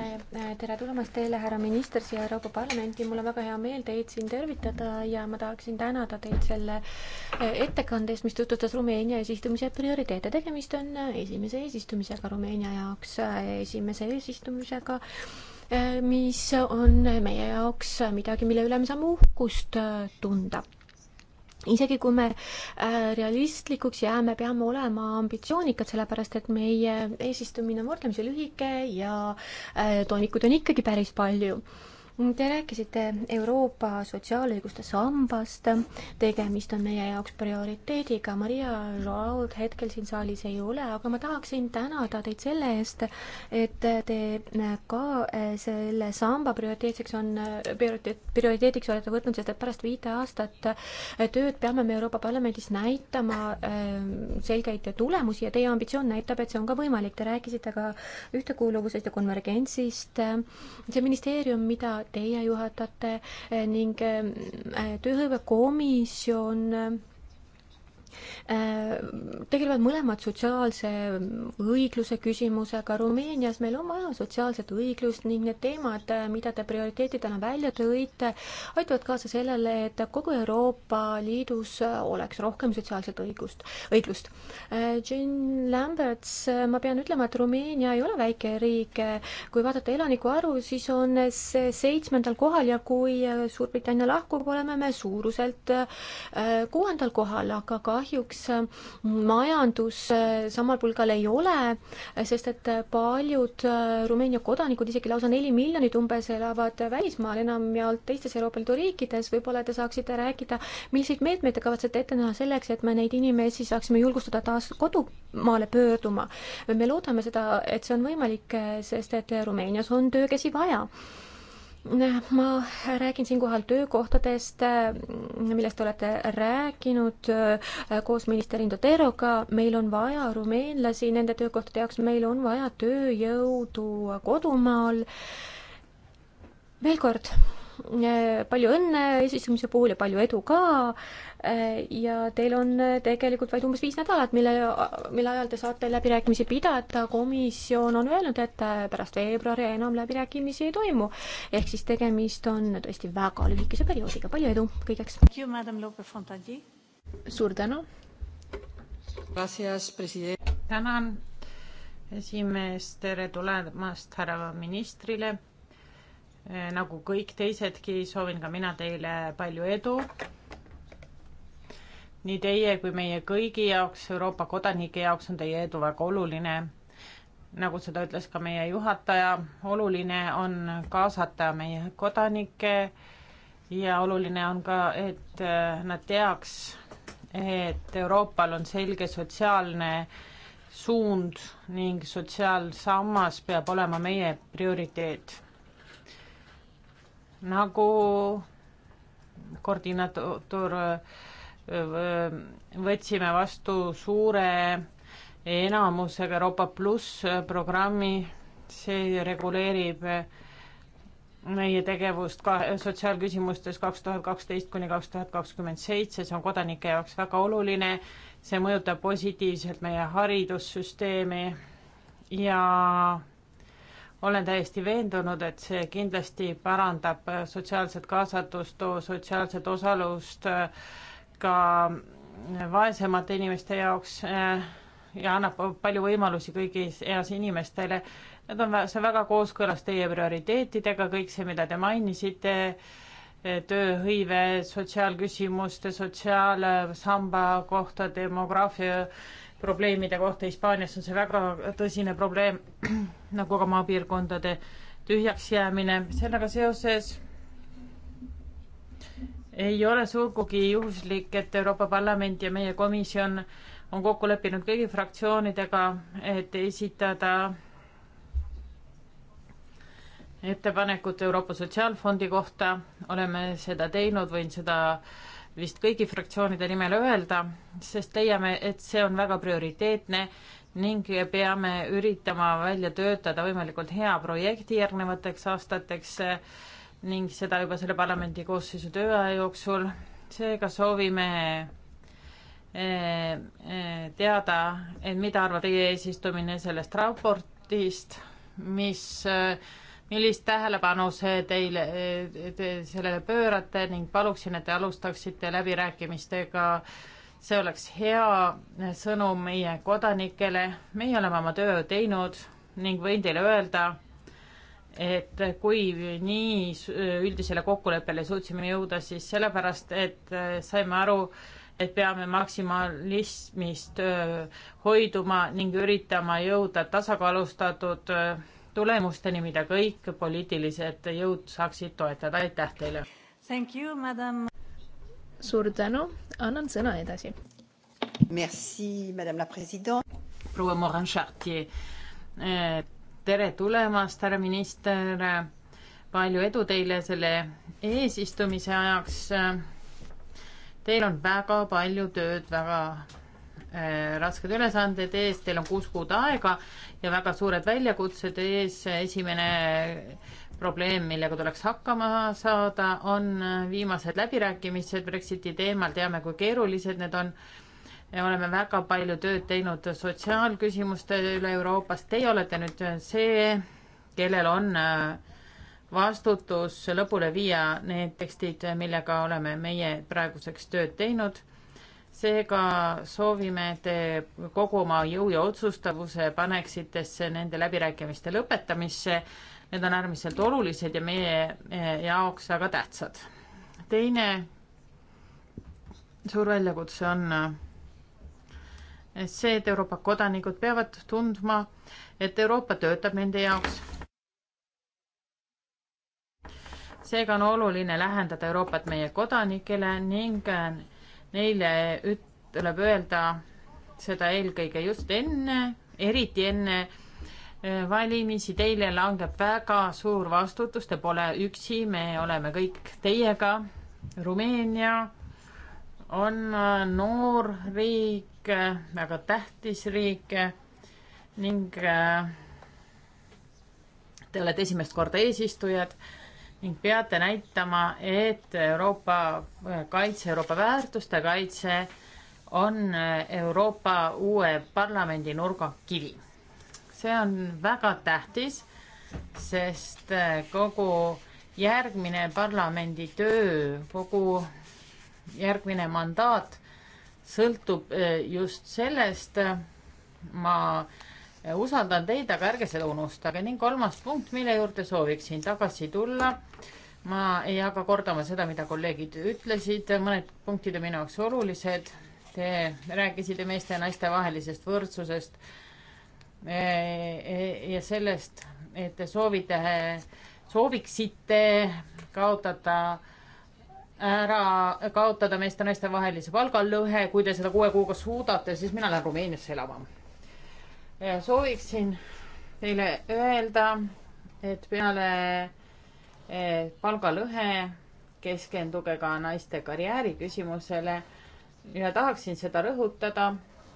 tere tulemast teile, härra minister, siia Euroopa Parlamenti, mul on väga hea meel teid siin tervitada ja ma tahaksin tänada teid selle eh, ettekande eest, mis tutvustas Rumeenia eesistumise prioriteete, tegemist on eh, esimese eesistumisega Rumeenia jaoks, eh, esimese eesistumisega Äh, mis on meie jaoks midagi, mille üle me saame uhkust äh, tunda isegi kui me äh, realistlikuks jääme, peame olema ambitsioonikad, sellepärast et meie eesistumine on võrdlemisi lühike ja toimikuid on ikkagi päris palju Te rääkisite Euroopa sotsiaalõiguste sambast, tegemist on meie jaoks prioriteediga, Maria Joaod hetkel siin saalis ei ole, aga ma tahaksin tänada teid selle eest, et te ka eh, selle samba prioriteetseks on, prioriteediks olete võtnud, sest et pärast viite aastat eh, tööd peame me Euroopa Parlamendis näitama eh, selgeid tulemusi ja teie ambitsioon näitab, et see on ka võimalik, te rääkisite ka ühtekuuluvusest ja konvergentsist, see ministeerium, mida teie juhatate ning eh, eh, tööhõivekomisjon Äh, tegelevad mõlemad sotsiaalse õigluse küsimusega. Rumeenias meil on vaja sotsiaalset õiglust ning need teemad, äh, mida te prioriteetidena välja tõite, aitavad kaasa sellele, et kogu Euroopa Liidus äh, oleks rohkem sotsiaalset õigust, õiglust. Jean Lamberts, ma pean ütlema, et Rumeenia ei ole väike riik. kui vaadata elaniku arvu, siis on see seitsmendal kohal ja kui Suurbritannia lahkub, oleme me suuruselt kuuendal kohal, aga kahjuks kahjuks äh, majandus äh, samal pulgal ei ole, äh, sest et paljud Rumeenia kodanikud, isegi lausa neli miljonit umbes, elavad välismaal, enamjaolt teistes Euroopa Liidu riikides. võib-olla te saaksite rääkida, milliseid meetmeid te kavatsete ette näha selleks, et me neid inimesi saaksime julgustada taas kodumaale pöörduma. me loodame seda, et see on võimalik, sest et Rumeenias on töökäsi vaja ma räägin siinkohal töökohtadest, millest te olete rääkinud äh, koos minister Indo Teroga, meil on vaja rumeenlasi nende töökohtade jaoks, meil on vaja tööjõudu kodumaal. veel kord, äh, palju õnne esistumise puhul ja palju edu ka Äh, ja teil on äh, tegelikult vaid umbes viis nädalat, mille, mille ajal te saate läbirääkimisi pidada, komisjon on öelnud, et äh, pärast veebruari enam läbirääkimisi ei toimu. ehk siis tegemist on tõesti väga lühikese perioodiga, palju edu kõigeks! suur tänu! tänan, esimees, tere tulemast härra ministrile! nagu kõik teisedki, soovin ka mina teile palju edu nii teie kui meie kõigi jaoks, Euroopa kodanike jaoks on teie edu väga oluline. nagu seda ütles ka meie juhataja, oluline on kaasata meie kodanikke ja oluline on ka, et äh, nad teaks, et Euroopal on selge sotsiaalne suund ning sotsiaalsammas peab olema meie prioriteet. nagu koordinaator äh, võtsime vastu suure enamusega Euroopa Pluss programmi, see reguleerib meie tegevust ka sotsiaalküsimustes kaks tuhat kaksteist kuni kaks tuhat kakskümmend seitse, see on kodanike jaoks väga oluline, see mõjutab positiivselt meie haridussüsteemi ja olen täiesti veendunud, et see kindlasti parandab sotsiaalset kaasatust, sotsiaalset osalust äh, ka vaesemate inimeste jaoks äh, ja annab palju võimalusi kõigis eas inimestele. Need on, see on väga kooskõlas teie prioriteetidega, kõik see, mida te mainisite, äh, tööhõive, sotsiaalküsimuste, sotsiaalsamba kohta, demograafia probleemide kohta, Hispaanias on see väga tõsine probleem, nagu ka maapiirkondade tühjaks jäämine. sellega seoses ei ole sugugi juhuslik, et Euroopa Parlament ja meie komisjon on kokku leppinud kõigi fraktsioonidega, et esitada ettepanekut Euroopa Sotsiaalfondi kohta, oleme seda teinud, võin seda vist kõigi fraktsioonide nimel öelda, sest leiame, et see on väga prioriteetne ning peame üritama välja töötada võimalikult hea projekti järgnevateks aastateks ning seda juba selle parlamendi koosseisu tööaja jooksul. seega soovime eh, eh, teada, et mida arvab teie eesistumine sellest raportist, mis, eh, millist tähelepanu see teile te, sellele pöörate ning paluksin, et te alustaksite läbirääkimistega. see oleks hea sõnum meie kodanikele, meie oleme oma töö teinud ning võin teile öelda, et kui nii üldisele kokkuleppele suutsime jõuda, siis sellepärast, et äh, saime aru, et peame maksimalismist äh, hoiduma ning üritama jõuda tasakaalustatud äh, tulemusteni, mida kõik poliitilised jõud saaksid toetada. aitäh teile! suur tänu, annan sõna edasi. Merci, madame la president. proua Morin-Chartier tere tulemast, härra minister. palju edu teile selle eesistumise ajaks. Teil on väga palju tööd, väga äh, rasked ülesanded ees, teil on kuus kuud aega ja väga suured väljakutsed ees. esimene probleem, millega tuleks hakkama saada, on viimased läbirääkimised Brexiti teemal, teame, kui keerulised need on oleme väga palju tööd teinud sotsiaalküsimuste üle Euroopas. Teie olete nüüd see, kellel on äh, vastutus lõpule viia need tekstid, millega oleme meie praeguseks tööd teinud. seega soovime, et te kogu oma jõu ja otsustavuse paneksitesse nende läbirääkimiste lõpetamisse. Need on äärmiselt olulised ja meie äh, jaoks väga tähtsad. teine suur väljakutse on äh, see, et Euroopa kodanikud peavad tundma, et Euroopa töötab nende jaoks. seega on oluline lähendada Euroopat meie kodanikele ning äh, neile üt-, tuleb öelda seda eelkõige just enne, eriti enne äh, valimisi, teile langeb väga suur vastutus, te pole üksi, me oleme kõik teiega. Rumeenia on äh, noor riik, riik, väga tähtis riik ning äh, te olete esimest korda eesistujad ning peate näitama, et Euroopa äh, kaitse, Euroopa väärtuste kaitse on äh, Euroopa uue parlamendi nurgakivi. see on väga tähtis, sest kogu järgmine parlamendi töö, kogu järgmine mandaat sõltub eh, just sellest, eh, ma eh, usaldan teid, aga ärge seda unustage ning kolmas punkt, mille juurde sooviksin tagasi tulla. ma ei hakka kordama seda, mida kolleegid ütlesid, mõned punktid on minu jaoks olulised. Te rääkisite meeste ja naiste vahelisest võrdsusest ja sellest, et te soovite, sooviksite kaotada ära kaotada meeste ja naiste vahelise palgalõhe, kui te seda kuue kuuga suudate, siis mina lähen Rumeeniasse elama. sooviksin teile öelda, et peale eh, palgalõhe keskenduge ka naiste karjääri küsimusele ja tahaksin seda rõhutada,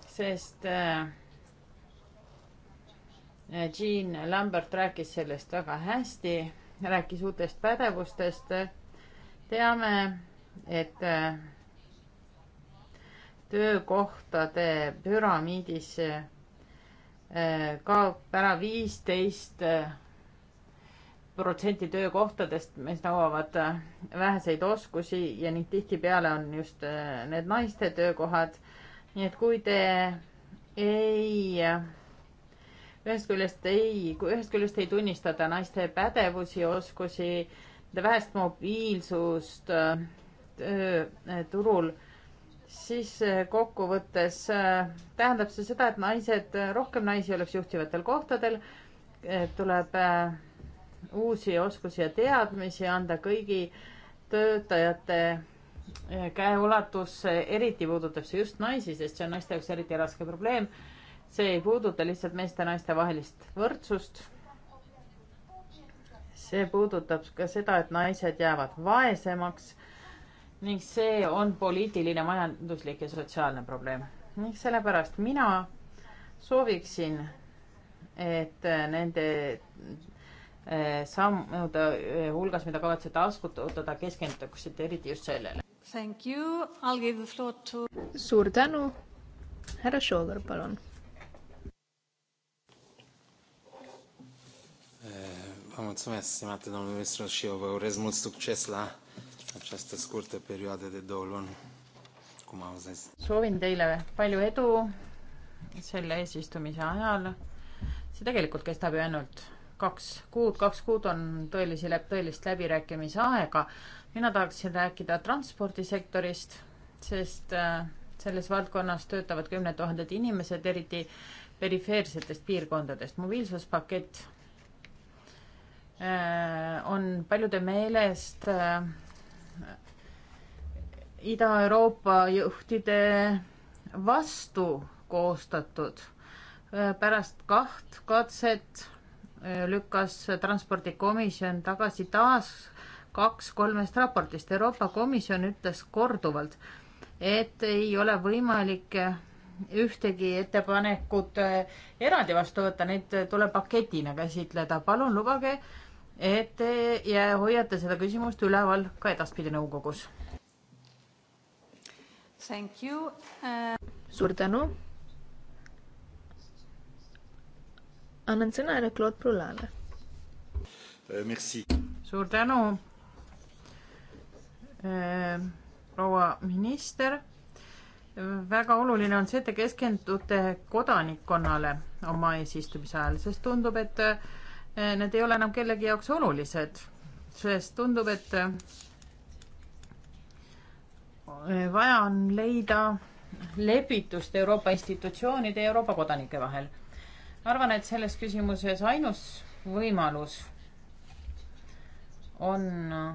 sest eh, Jean Lambert rääkis sellest väga hästi, rääkis uutest pädevustest teame, et äh, töökohtade püramiidis äh, kaob ära viisteist äh, protsenti töökohtadest, mis nõuavad väheseid oskusi ja ning tihtipeale on just need naiste töökohad. nii et kui te ei, ühest küljest ei, kui ühest küljest ei tunnistada naiste pädevusi, oskusi, vähest mobiilsust äh, äh, turul, siis äh, kokkuvõttes tähendab see seda, et naised, rohkem naisi oleks juhtivatel kohtadel, tuleb uusi oskusi ja teadmisi anda kõigi töötajate käeulatusse, eriti puudutab see just naisi, sest see on naiste jaoks eriti raske probleem. see ei puuduta lihtsalt meeste-naiste vahelist võrdsust see puudutab ka seda, et naised jäävad vaesemaks ning see on poliitiline, majanduslik ja sotsiaalne probleem. ning sellepärast mina sooviksin, et nende eh, sammude eh, hulgas, mida kavatsete askutada, keskenduksite eriti just sellele. To... suur tänu, härra Šogor, palun Vă mulțumesc, stimate domnul ministru, și eu vă urez mult succes la această scurtă perioadă de două luni, cum am zis. soovin teile palju edu selle eesistumise ajal. see tegelikult kestab ju ainult kaks kuud, kaks kuud on tõelisi, tõelist läbirääkimise aega. mina tahaksin rääkida transpordisektorist, sest äh, selles valdkonnas töötavad kümned tuhanded inimesed, eriti perifeersetest piirkondadest. mobiilsuspakett Äh, on paljude meelest äh, Ida-Euroopa juhtide vastu koostatud. Äh, pärast kaht katset lükkas transpordikomisjon tagasi taas kaks kolmest raportist. Euroopa Komisjon ütles korduvalt, et ei ole võimalik ühtegi ettepanekut eraldi vastu võtta, neid tuleb paketina käsitleda. palun lubage et te ja hoiate seda küsimust üleval ka edaspidi nõukogus. Uh... suur tänu. annan sõna härra Claude Brulale uh,. suur tänu uh,, proua minister väga oluline on see, et te keskendute kodanikkonnale oma eesistumise ajal, sest tundub, et Eh, need ei ole enam kellegi jaoks olulised, sest tundub, et eh, vaja on leida lepitust Euroopa institutsioonide ja Euroopa kodanike vahel. arvan, et selles küsimuses ainus võimalus on eh,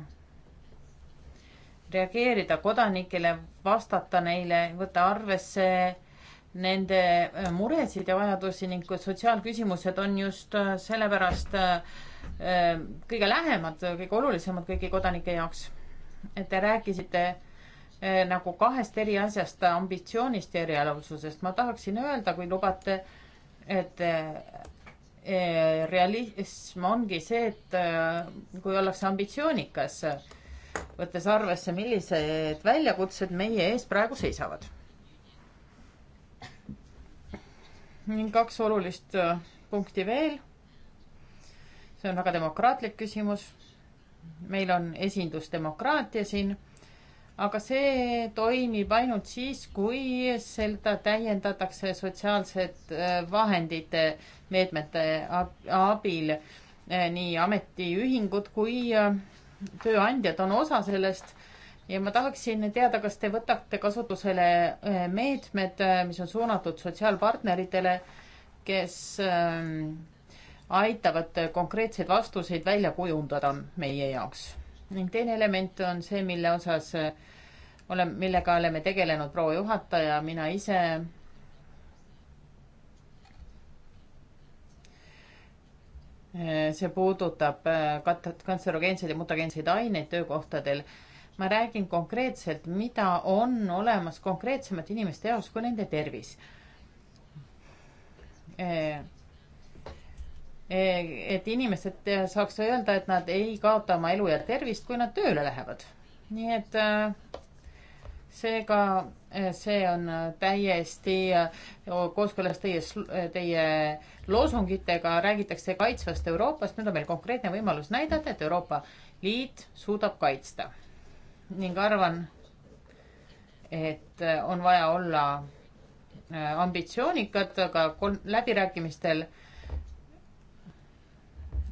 reageerida kodanikele, vastata neile, võtta arvesse nende äh, muresid ja vajadusi ning sotsiaalküsimused on just äh, sellepärast äh, kõige lähemad, kõige olulisemad kõigi kodanike jaoks. et te rääkisite nagu kahest eri asjast, ambitsioonist ja reaalsusest. ma tahaksin öelda, kui lubate, et realism ongi see, et kui ollakse ambitsioonikas, võttes arvesse, millised väljakutsed meie ees praegu seisavad. ning kaks olulist äh, punkti veel. see on väga demokraatlik küsimus. meil on esindusdemokraatia siin, aga see toimib ainult siis, kui seda täiendatakse sotsiaalsed äh, vahendite meetmete abil. Äh, nii ametiühingud kui tööandjad on osa sellest ja ma tahaksin teada, kas te võtate kasutusele äh, meetmed, äh, mis on suunatud sotsiaalpartneritele, kes ähm, aitavad konkreetseid vastuseid välja kujundada meie jaoks. ning teine element on see, mille osas äh, olen, millega oleme tegelenud proua juhataja, mina ise see puudutab kat-, kantserogeenseid ja mutageenseid aineid töökohtadel ma räägin konkreetselt, mida on olemas konkreetsemate inimeste jaoks kui nende tervis. E, e, et inimesed saaks öelda, et nad ei kaota oma elu ja tervist, kui nad tööle lähevad. nii et e, seega see on täiesti kooskõlas teie, teie loosungitega, räägitakse kaitsvast Euroopast, nüüd on meil konkreetne võimalus näidata, et Euroopa Liit suudab kaitsta ning arvan, et on vaja olla äh, ambitsioonikad, aga kolm, läbirääkimistel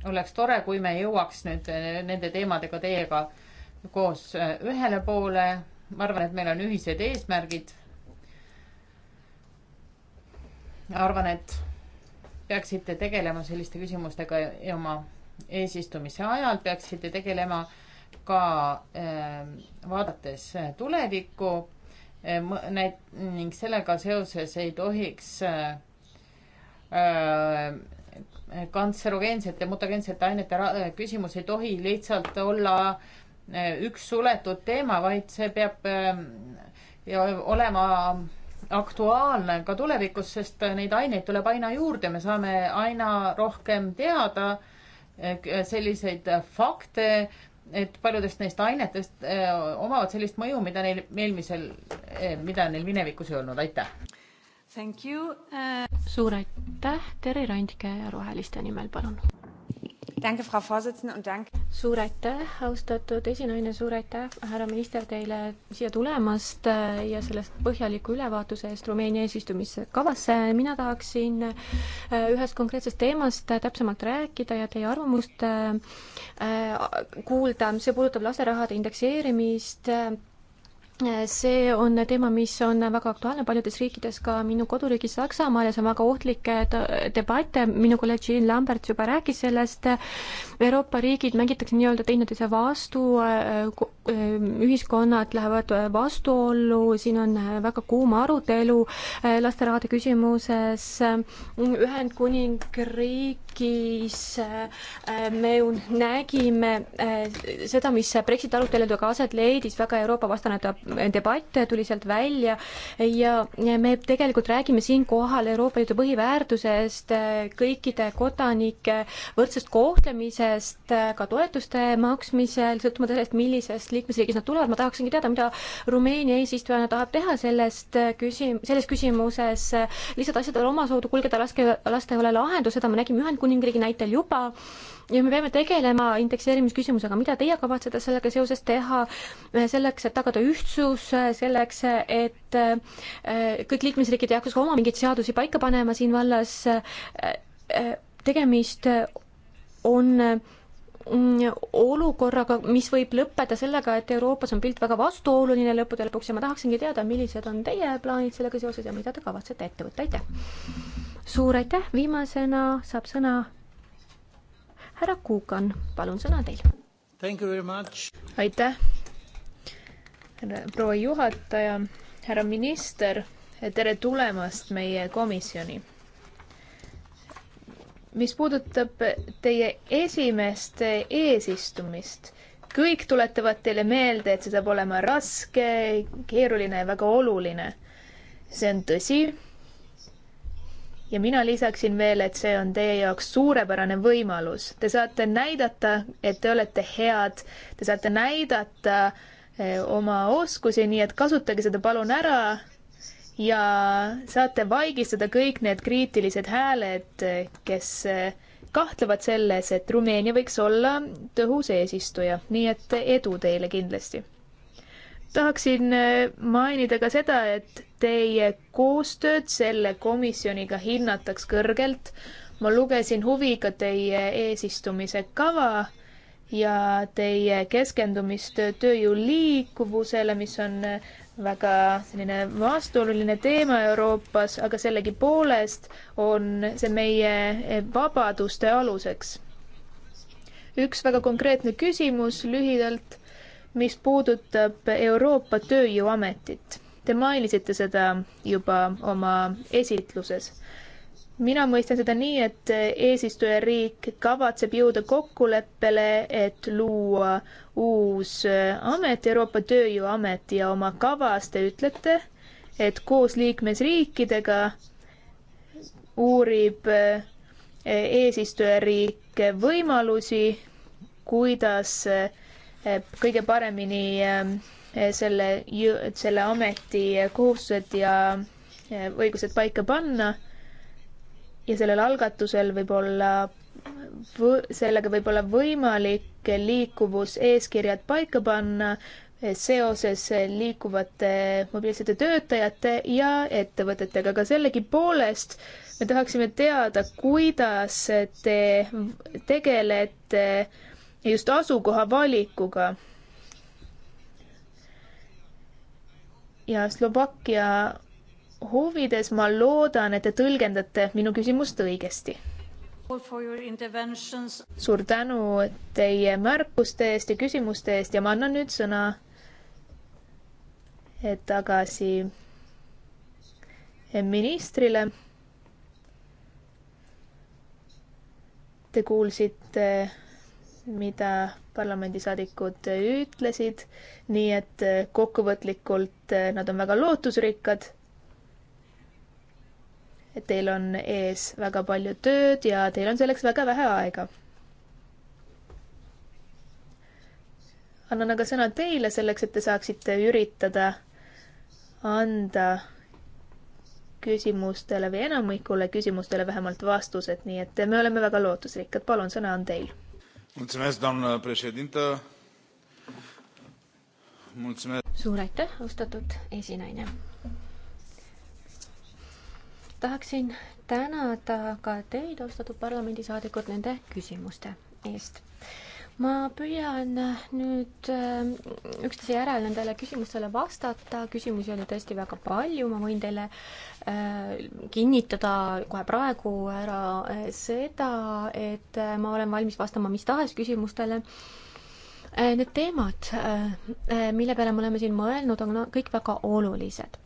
oleks tore, kui me jõuaks nüüd äh, nende teemadega teiega koos äh, ühele poole. ma arvan, et meil on ühised eesmärgid. arvan, et peaksite tegelema selliste küsimustega oma eesistumise ajal, peaksite tegelema äh, ka ehm, vaadates eh, tulevikku eh, ning sellega seoses ei tohiks eh, kantserogeensete, mutageensete ainete küsimus ei tohi lihtsalt olla üks suletud teema, vaid see peab ehm, olema aktuaalne ka tulevikus, sest neid aineid tuleb aina juurde, me saame aina rohkem teada selliseid fakte et paljudest neist ainetest eh, omavad sellist mõju, mida neil eelmisel eh,, mida neil minevikus ei olnud, aitäh! Thank you uh...! suur aitäh, Terri Randke Roheliste nimel, palun! Danke, Frau Vorsitzende und danke. suur aitäh, austatud esinaine, suur aitäh, härra minister, teile siia tulemast äh, ja sellest põhjaliku ülevaatuse eest Rumeenia eesistumiskavasse. mina tahaksin äh, ühest konkreetsest teemast äh, täpsemalt rääkida ja teie arvamust kuulda. see puudutab lasterahade indekseerimist see on teema, mis on väga aktuaalne paljudes riikides, ka minu koduriigis Saksamaal ja see on väga ohtlik äh, debatt, minu kolleeg Jean Lambert juba rääkis sellest, Euroopa riigid mängitakse nii-öelda teineteise vastu, äh, äh, ühiskonnad lähevad vastuollu, siin on väga kuum arutelu lasterahade küsimuses, Ühendkuningriigis me ju nägime seda, mis Brexiti aruteludega aset leidis, väga Euroopa vastane debatt tuli sealt välja ja me tegelikult räägime siinkohal Euroopa Liidu põhiväärtusest, kõikide kodanike võrdsest kohtlemisest ka toetuste maksmisel, sõltumata sellest, millisest liikmesriigist nad tulevad, ma tahaksingi teada, mida Rumeenia eesistujana tahab teha sellest küsim-, selles küsimuses, lihtsalt asjadele omasoodu kulgeda, laske, lasta ei ole lahendus, seda me nägime Ühendkuningriigi näitel juba ja me peame tegelema indekseerimisküsimusega, mida teie kavatsete sellega seoses teha, eh, selleks, et tagada ühtsus, eh, selleks, et eh, kõik liikmesriigid ei hakkaks oma mingeid seadusi paika panema siin vallas, tegemist on mm, olukorraga, mis võib lõppeda sellega, et Euroopas on pilt väga vastuoluline lõppude lõpuks ja ma tahaksingi teada, millised on teie plaanid sellega seoses ja mida te kavatsete ette võtta, aitäh! suur aitäh, viimasena saab sõna härra Kukan, palun, sõna on teil. aitäh, proua juhataja, härra minister, tere tulemast meie komisjoni mis puudutab teie esimest eesistumist, kõik tuletavad teile meelde, et see saab olema raske, keeruline ja väga oluline. see on tõsi, ja mina lisaksin veel, et see on teie jaoks suurepärane võimalus. Te saate näidata, et te olete head, te saate näidata eh, oma oskusi, nii et kasutage seda palun ära ja saate vaigistada kõik need kriitilised hääled, kes eh, kahtlevad selles, et Rumeenia võiks olla tõhus eesistuja, nii et edu teile kindlasti tahaksin äh, mainida ka seda, et teie koostööd selle komisjoniga hinnataks kõrgelt. ma lugesin huviga teie eesistumise kava ja teie keskendumist tööjõu liikuvusele, mis on äh, väga selline vastuoluline teema Euroopas, aga sellegipoolest on see meie äh, vabaduste aluseks. üks väga konkreetne küsimus lühidalt mis puudutab Euroopa Tööjõuametit. Te mainisite seda juba oma esitluses. mina mõistan seda nii, et eesistujariik kavatseb jõuda kokkuleppele, et luua uus amet, Euroopa Tööjõuamet ja oma kavas te ütlete, et koos liikmesriikidega uurib eesistujariik võimalusi, kuidas kõige paremini ähm, selle, selle ameti kohustused ja äh, õigused paika panna. ja sellel algatusel võib olla, sellega võib olla võimalik liikuvuseeskirjad paika panna äh, seoses äh, liikuvate mobiilsete töötajate ja ettevõtetega, aga sellegipoolest me tahaksime teada, kuidas te tegelete just asukoha valikuga. ja Slovakkia huvides ma loodan, et te tõlgendate minu küsimust õigesti. suur tänu teie märkuste eest ja küsimuste eest ja ma annan nüüd sõna eh, tagasi eh, ministrile. Te kuulsite mida parlamendisaadikud ütlesid, nii et eh, kokkuvõtlikult eh, nad on väga lootusrikkad. et teil on ees väga palju tööd ja teil on selleks väga vähe aega. annan aga sõna teile selleks, et te saaksite üritada anda küsimustele või enamikule küsimustele vähemalt vastused, nii et me oleme väga lootusrikkad, palun, sõna on teil doamnă președintă. Mulțumesc. suur aitäh, austatud esinaine. tahaksin tänada ka teid, austatud parlamendisaadikud, nende küsimuste eest ma püüan äh, nüüd äh, üksteise järel nendele küsimustele vastata, küsimusi oli tõesti väga palju, ma võin teile äh, kinnitada kohe praegu ära seda, et ma olen valmis vastama mis tahes küsimustele Äh, need teemad, äh, äh, mille peale me oleme siin mõelnud, on kõik väga olulised.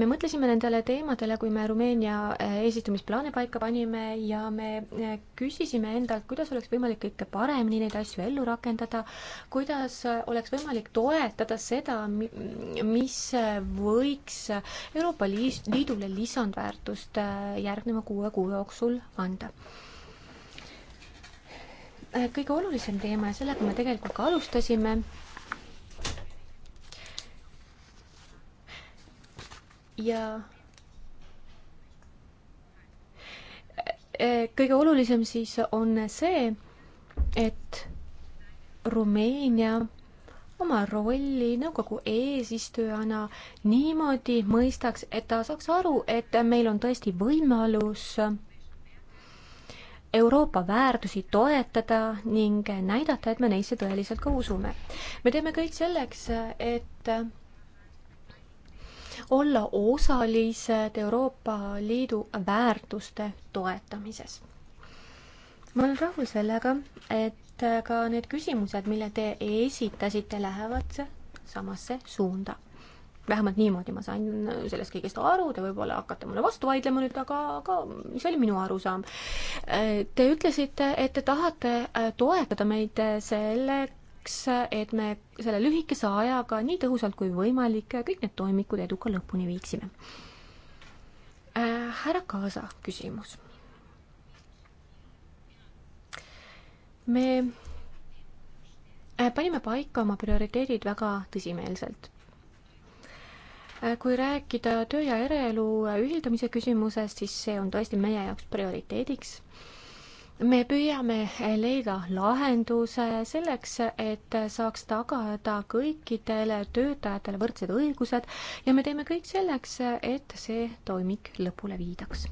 me mõtlesime nendele teemadele, kui me Rumeenia eesistumisplaane paika panime ja me küsisime endalt, kuidas oleks võimalik kõike paremini neid asju ellu rakendada, kuidas oleks võimalik toetada seda, mis võiks Euroopa Liidule lisandväärtust järgneva kuue kuu jooksul anda kõige olulisem teema ja sellega me tegelikult ka alustasime. ja äh, kõige olulisem siis on see, et Rumeenia oma rolli nõukogu eesistujana niimoodi mõistaks, et ta saaks aru, et meil on tõesti võimalus äh, Euroopa väärtusi toetada ning näidata, et me neisse tõeliselt ka usume. me teeme kõik selleks, et olla osalised Euroopa Liidu väärtuste toetamises. ma olen rahul sellega, et ka need küsimused, mille te esitasite, lähevad samasse suunda vähemalt niimoodi ma sain sellest kõigest aru, te võib-olla hakkate mulle vastu vaidlema nüüd, aga, aga see oli minu arusaam. Te ütlesite, et te tahate äh, toetada meid selleks, et me selle lühikese ajaga nii tõhusalt kui võimalik kõik need toimikud eduka lõpuni viiksime. Äh, härra Kaasa küsimus. me äh, panime paika oma prioriteedid väga tõsimeelselt Äh, kui rääkida töö ja eraelu äh, ühildamise küsimusest, siis see on tõesti meie jaoks prioriteediks me püüame äh, leida lahenduse selleks, et saaks tagada kõikidele töötajatele võrdsed õigused ja me teeme kõik selleks, et see toimik lõpule viidaks.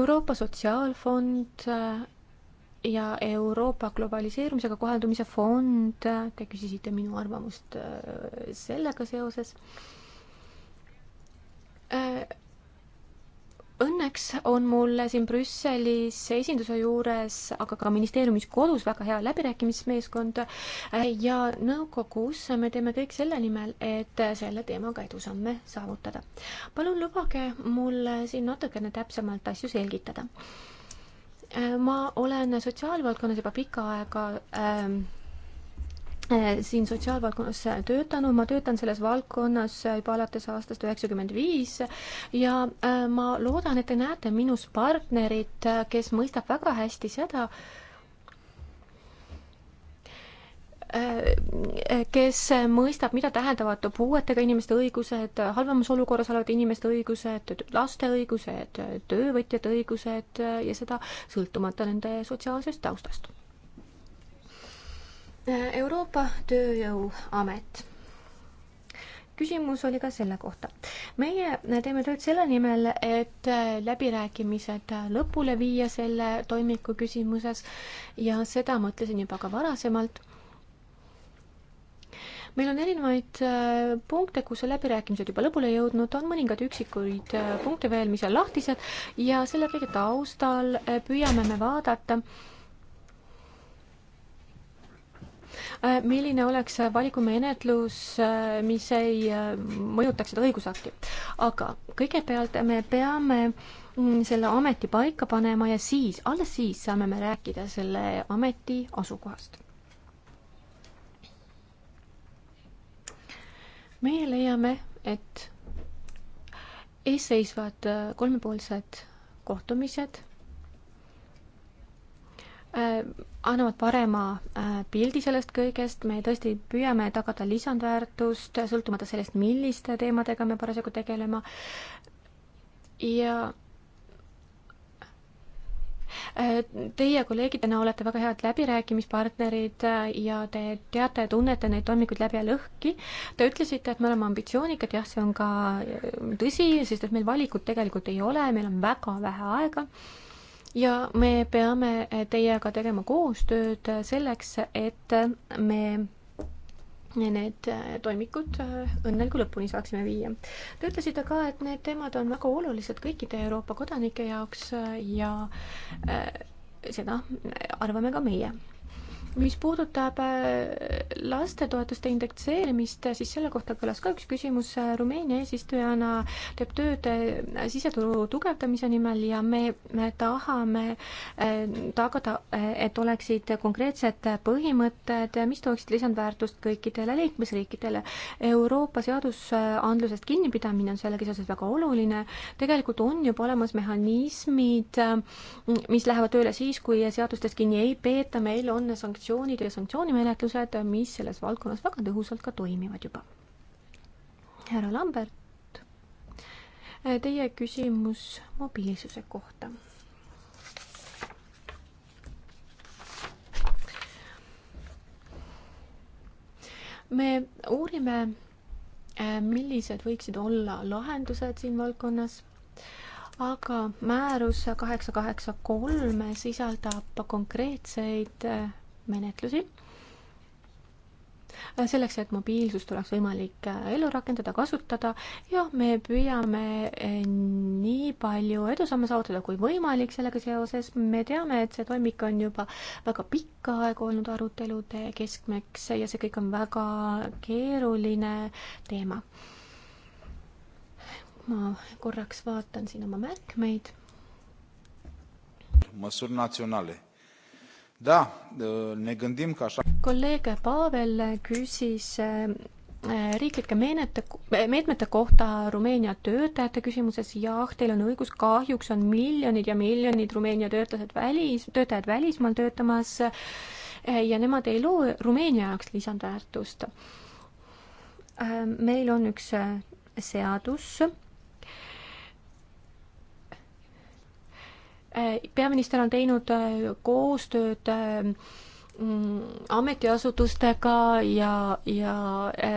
Euroopa Sotsiaalfond ja Euroopa globaliseerumisega kohaldumise fond, te küsisite minu arvamust äh, sellega seoses. Äh, õnneks on mul siin Brüsselis esinduse juures, aga ka ministeeriumis kodus väga hea läbirääkimismeeskond äh, ja nõukogus me teeme kõik selle nimel, et selle teemaga edusamme saavutada. palun lubage mul siin natukene täpsemalt asju selgitada Äh, ma olen sotsiaalvaldkonnas juba pikka aega ähm, äh, siin sotsiaalvaldkonnas töötanud, ma töötan selles valdkonnas juba alates aastast üheksakümmend viis ja äh, ma loodan, et te näete minus partnerit, kes mõistab väga hästi seda, Äh, kes mõistab, mida tähendavad puuetega inimeste õigused, halvemas olukorras olevate inimeste õigused, laste õigused, töövõtjate õigused äh, ja seda sõltumata nende sotsiaalsest taustast. Euroopa Tööjõuamet küsimus oli ka selle kohta. meie teeme tööd selle nimel, et läbirääkimised lõpule viia selle toimiku küsimuses ja seda mõtlesin juba ka varasemalt meil on erinevaid äh, punkte, kus läbirääkimised juba lõpule jõudnud, on mõningaid üksikuid äh, punkte veel, mis on lahtised ja selle kõige taustal äh, püüame me vaadata, milline oleks valikumenetlus, mis ei mõjutaks seda õigusakti. aga kõigepealt me peame mm, selle ameti paika panema ja siis, alles siis saame me rääkida selle ameti asukohast meie leiame, et eesseisvad äh, kolmepoolsed kohtumised äh, annavad parema äh, pildi sellest kõigest, me tõesti püüame tagada lisandväärtust, sõltumata sellest, milliste teemadega me parasjagu tegeleme. ja Teie kolleegidena olete väga head läbirääkimispartnerid äh, ja te teate ja tunnete neid toimikuid läbi ja lõhki. Te ütlesite, et me oleme ambitsioonikad, jah, see on ka äh, tõsi, sest et meil valikut tegelikult ei ole, meil on väga vähe aega ja me peame äh, teiega tegema koostööd selleks, et me need äh, toimikud äh, õnneliku lõpuni saaksime viia. Te ütlesite ka, et need teemad on väga olulised kõikide Euroopa kodanike jaoks äh, ja äh, seda arvame ka meie mis puudutab äh, lastetoetuste indekseerimist, siis selle kohta kõlas ka üks küsimus. Rumeenia eesistujana teeb tööd äh, siseturu tugevdamise nimel ja me, me tahame äh, tagada, et oleksid konkreetsed põhimõtted, mis tooksid lisandväärtust kõikidele liikmesriikidele. Euroopa seadusandlusest kinnipidamine on sellega seoses väga oluline. tegelikult on juba olemas mehhanismid, mis lähevad tööle siis, kui seadustest kinni ei peeta, meil on sanktsioonid sanktsioonid ja sanktsioonimenetlused, mis selles valdkonnas väga tõhusalt ka toimivad juba. härra Lambert, teie küsimus mobiilsuse kohta. me uurime, millised võiksid olla lahendused siin valdkonnas aga määrus kaheksa kaheksa kolm sisaldab konkreetseid menetlusi selleks, et mobiilsust oleks võimalik ellu rakendada, kasutada ja me püüame eh, nii palju edusamme saavutada kui võimalik sellega seoses. me teame, et see toimik on juba väga pikka aega olnud arutelude keskmeks ja see kõik on väga keeruline teema. ma korraks vaatan siin oma märkmeid. Măsuri naționale Da, ne gândim că așa... Kolleeg Pavel küsis riiklike meenete, meetmete kohta Rumeenia töötajate küsimuses, jah, teil on õigus, kahjuks on miljonid ja miljonid Rumeenia töötajad välis, töötajad välismaal töötamas ja nemad ei loo Rumeenia jaoks lisandväärtust. meil on üks seadus Äh, peaminister on teinud äh, koostööd äh, mm, ametiasutustega ja, ja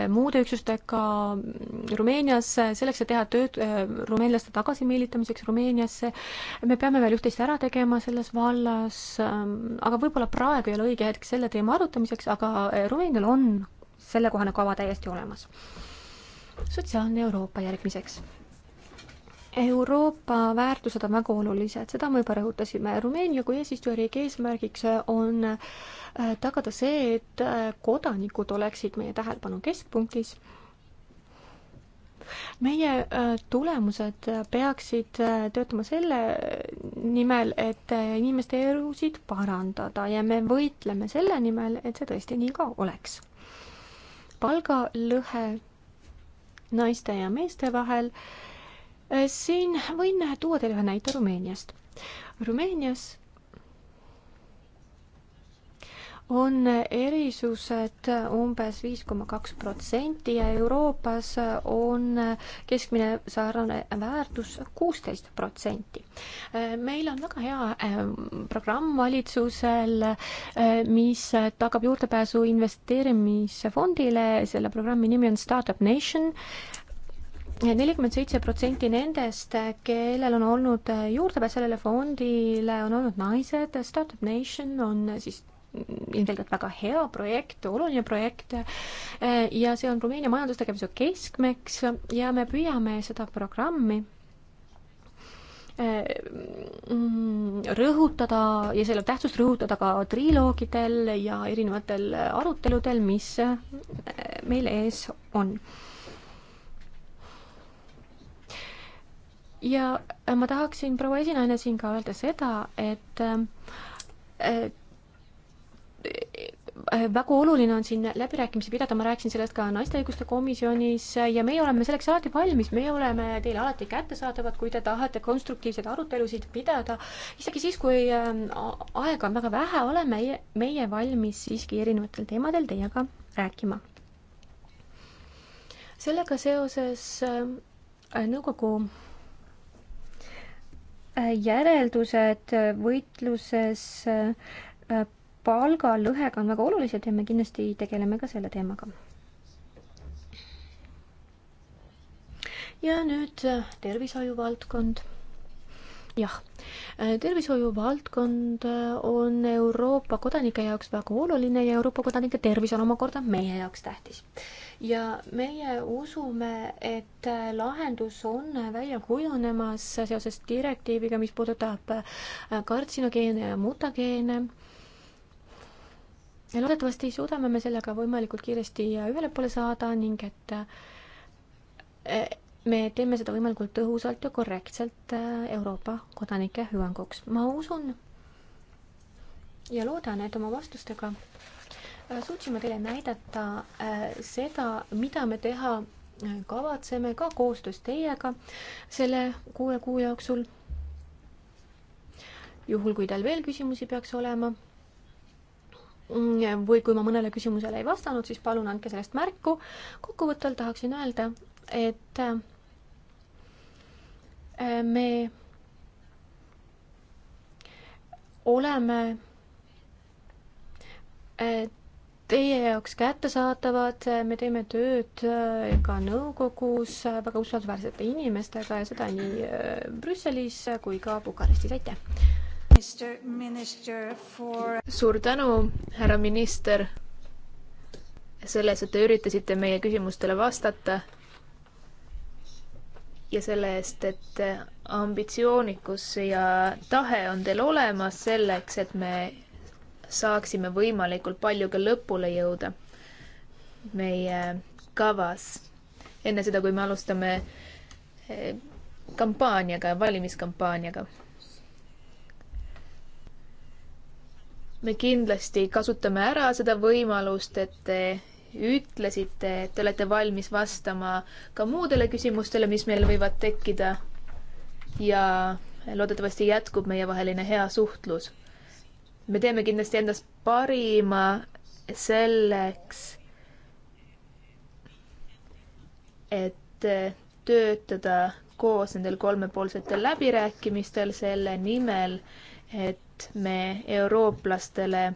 muude üksustega mm, Rumeenias selleks, et teha tööd rumeenlaste tagasimeelitamiseks Rumeeniasse. me peame veel üht-teist ära tegema selles vallas, ähm, aga võib-olla praegu ei ole õige hetk selle teema arutamiseks, aga Rumeenial on sellekohane kava täiesti olemas. sotsiaalne Euroopa järgmiseks Euroopa väärtused on väga olulised, seda me juba rõhutasime. Rumeenia kui eesistujariigi eesmärgiks on äh, tagada see, et äh, kodanikud oleksid meie tähelepanu keskpunktis. meie äh, tulemused peaksid töötama selle nimel, et inimeste elusid parandada ja me võitleme selle nimel, et see tõesti nii ka oleks. palgalõhe naiste ja meeste vahel äh, siin võin tuua teile ühe näite Rumeeniast. Rumeenias on erisused umbes viis koma kaks protsenti ja Euroopas on keskmine sarnane väärtus kuusteist protsenti. meil on väga hea eh, programm valitsusel, eh, mis tagab juurdepääsu investeerimisfondile, selle programmi nimi on Startup Nation nelikümmend seitse protsenti nendest, kellel on olnud juurdepääs sellele fondile, on olnud naised, Startup Nation on siis ilmselgelt väga hea projekt, oluline projekt ja see on Rumeenia majandustegevuse keskmeks ja me püüame seda programmi mm, rõhutada ja selle tähtsust rõhutada ka triloogidel ja erinevatel aruteludel, mis meil ees on ja äh, ma tahaksin, proua esinaine, siin ka öelda seda, et äh, äh, väga oluline on siin läbirääkimisi pidada, ma rääkisin sellest ka naiste õiguste komisjonis ja meie oleme selleks alati valmis, meie oleme teile alati kättesaadavad, kui te tahate konstruktiivseid arutelusid pidada. isegi siis, kui aega on väga vähe, oleme meie, meie valmis siiski erinevatel teemadel teiega rääkima. sellega seoses nõukogu järeldused võitluses äh, palgalõhega on väga olulised ja me kindlasti tegeleme ka selle teemaga. ja nüüd äh, tervishoiuvaldkond jah, äh, tervishoiuvaldkond äh, on Euroopa kodanike jaoks väga oluline ja Euroopa kodanike tervis on omakorda meie jaoks tähtis. ja meie usume, et äh, lahendus on välja kujunemas seoses direktiiviga, mis puudutab kartsinogeene ja mutageene ja loodetavasti suudame me sellega võimalikult kiiresti ühele poole saada ning et me teeme seda võimalikult tõhusalt ja korrektselt äh, Euroopa kodanike hüvanguks. ma usun ja loodan, et oma vastustega äh, suutsime teile näidata äh, seda, mida me teha kavatseme ka koostöös teiega selle kuue kuu jooksul. juhul, kui teil veel küsimusi peaks olema mm, või kui ma mõnele küsimusele ei vastanud, siis palun andke sellest märku. kokkuvõttel tahaksin öelda, et me oleme äh, teie jaoks kättesaadavad, me teeme tööd äh, ka nõukogus äh, väga usaldusväärsete inimestega ja seda nii Brüsselis kui ka Bukarestis, aitäh! For... suur tänu, härra minister, selles, et te üritasite meie küsimustele vastata ja selle eest, et ambitsioonikus ja tahe on teil olemas selleks, et me saaksime võimalikult paljuga lõpule jõuda meie kavas. enne seda, kui me alustame eh, kampaaniaga, valimiskampaaniaga. me kindlasti kasutame ära seda võimalust, et ütlesite, et te olete valmis vastama ka muudele küsimustele, mis meil võivad tekkida. ja loodetavasti jätkub meievaheline hea suhtlus. me teeme kindlasti endast parima selleks, et töötada koos nendel kolmepoolsetel läbirääkimistel selle nimel, et me eurooplastele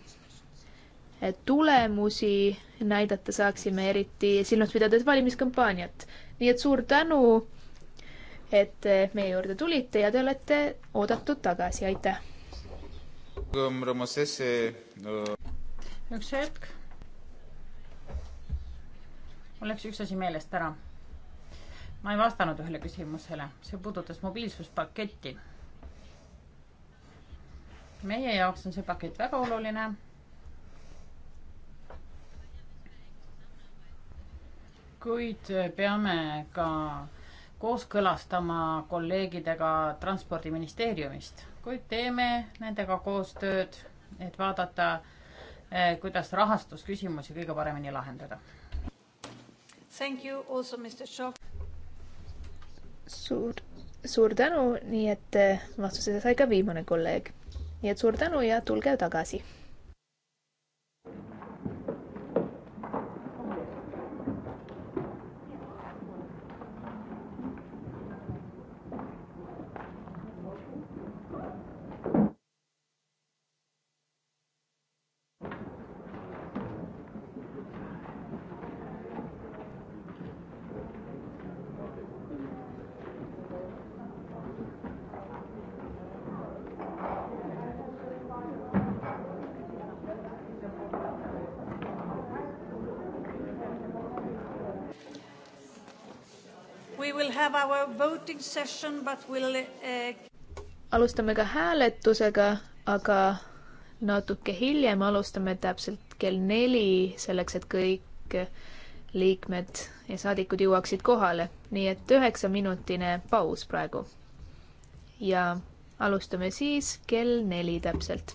tulemusi näidata saaksime, eriti silmas pidades valimiskampaaniat. nii et suur tänu, et meie juurde tulite ja te olete oodatud tagasi, aitäh! üks hetk. mul läks üks asi meelest ära. ma ei vastanud ühele küsimusele, see puudutas mobiilsuspaketti. meie jaoks on see pakett väga oluline kuid peame ka kooskõlastama kolleegidega Transpordiministeeriumist, kuid teeme nendega koostööd, et vaadata, eh, kuidas rahastusküsimusi kõige paremini lahendada. suur, suur tänu, nii et eh, vastuse sai ka viimane kolleeg. nii et suur tänu ja tulge tagasi have our voting session, but we'll uh... alustame ka hääletusega, aga natuke hiljem alustame täpselt kell neli, selleks et kõik liikmed ja saadikud jõuaksid kohale, nii et üheksaminutine paus praegu. ja alustame siis kell neli täpselt